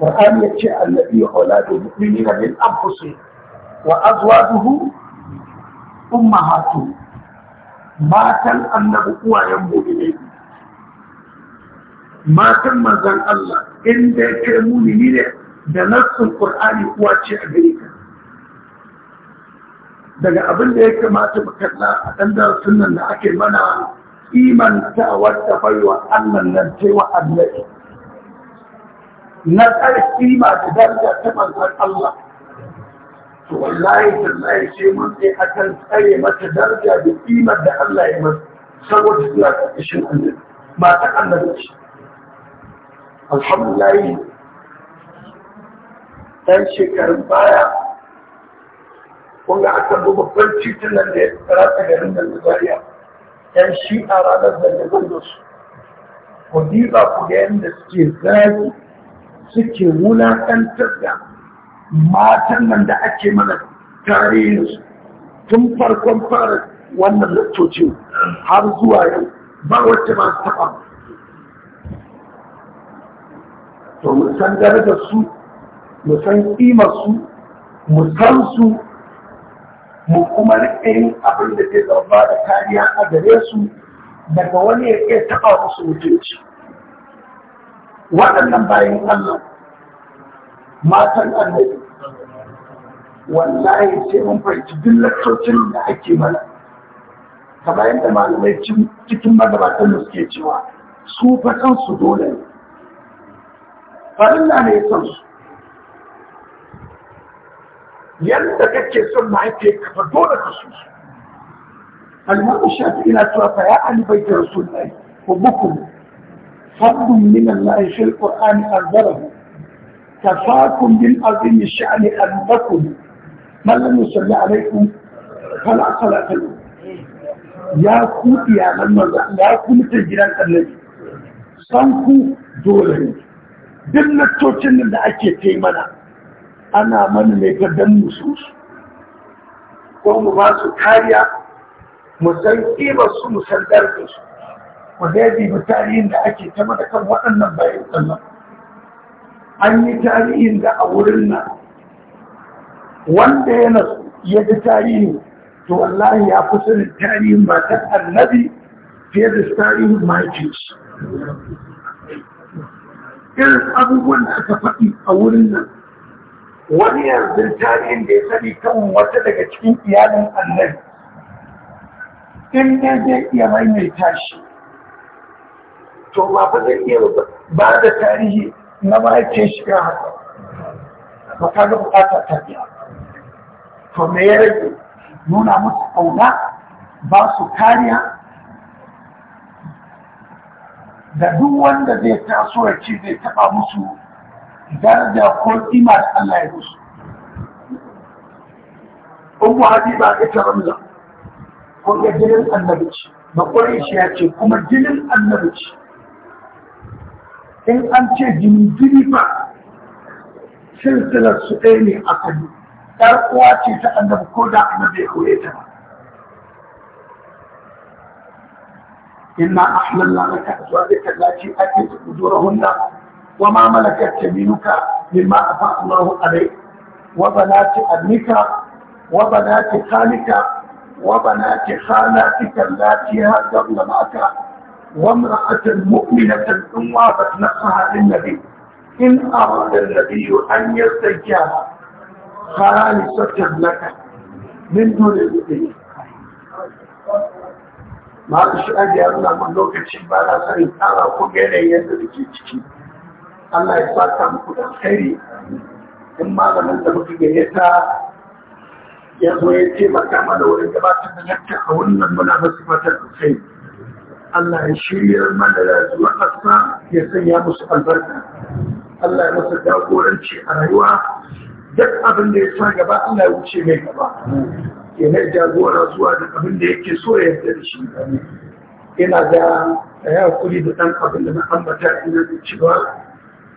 ƙwarfani ya ce annabi ya ƙaula da mutumini na min amfusu wa azuwa duhu ummahatu matan annabi uwayen mu'mini matan manzon Allah inda ya ce mu'mini ne da nassun ƙwarfani uwa ce a gare ka daga abin da ya kamata mu kalla a ɗan sunan da ake mana imanta wadda baiwa annan nan cewa annabi na tsare kima da daraja ta manzon Allah to wallahi tallahi sai mun sai akan tsare mata daraja da kimar da Allah ya masa saboda suna ƙarƙashin annabi ba ta annabi ce alhamdulillah ɗan shekarun baya kun ga aka babban titin nan da ya rasa garin da Najeriya yan shi a ranar da zanga su ku diba ku ga yadda suke zagi suke wulaƙantar da matan nan da ake mana tarihinsu tun farkon fara wannan lokacin har zuwa yau ba wacce ba su taɓa to mu san darajar su mu san ƙimar su mu san su hukumar kuma rike yin abin da zai zama da kariya a gare su daga wani ya iya taɓa musu mutunci waɗannan bayan Allah matan annabi wallahi sai mun fahimci duk laktocin da ake mana kamar yadda malamai cikin magabatan da suke cewa su fa kansu dole ne farin na ne san su yadda kake son mahaifiyar fa dole ka so su al shafi ina na cewa fa ya ali baiti rasulullahi hubbukum fadlun min Allah fi al-qur'ani anzarahu kafakum bil azim sha'ni anbakum man lam yusalli alaykum fala salata lahu ya a iyalan manzo ya ku gidan annabi san ku dole ne duk da ake taimana ana mana ne ta dan musu ko mu ba su kariya mu san ƙiba su mu san darajar su ku daidai ba tarihin da ake ta mana kan waɗannan bayan Allah an yi tarihin da a wurin nan wanda yana ya ji tarihi to wallahi ya fi sanin tarihin matan annabi fiye da tarihin mahaifinsu irin abubuwan da aka faɗi a wurin nan wani yanzu tarihin da ya sani kan wata daga cikin iyalin annabi in ne zai iya maimaita shi to ba fa zai iya ba da tarihi na mahaifin shiga haka ba ka ga bukata ta biya to me ya rage nuna musu ƙauna ba su kariya da duk wanda zai taso ya ce zai taɓa musu daraja ko ima da Allah ya musu umu habiba ita ramza ko ga jinin annabi ce ba ƙwarai ya ce kuma jinin annabi ce in an ce jinin jini ba silsilar su ɗaya ne a kanu ɗar uwa ce ta annabi ko da annabi ya aure ta ba inna ahlalna laka azwajaka allati atayta ujurahunna وما ملكت يمينك مما أفاء الله عليك وبنات أمك وبنات خالك وبنات خالاتك اللاتي هاجرن معك وامرأة مؤمنة إن وافت نفسها للنبي إن أراد النبي أن يزكيها خالصة لك من دون المؤمنين ما أشهد أن من لوكتي بلا سيطرة وغيره يدري تشيكي Allah ya ta muku da alkhairi in maganin da muka gayyata ya zo ya ce maka mana wurin gabatar da lakta a wannan muna masu fatar kai. Allah ya shirya mana da zuwa ƙasa ya sanya musu albarka Allah ya masa jagoranci a rayuwa duk abin da ya sa gaba Allah ya wuce mai gaba ya mai jagora zuwa da abin da yake so ya yarda da shi ina da ya kuri da ɗan abin da na ambata ina da cewa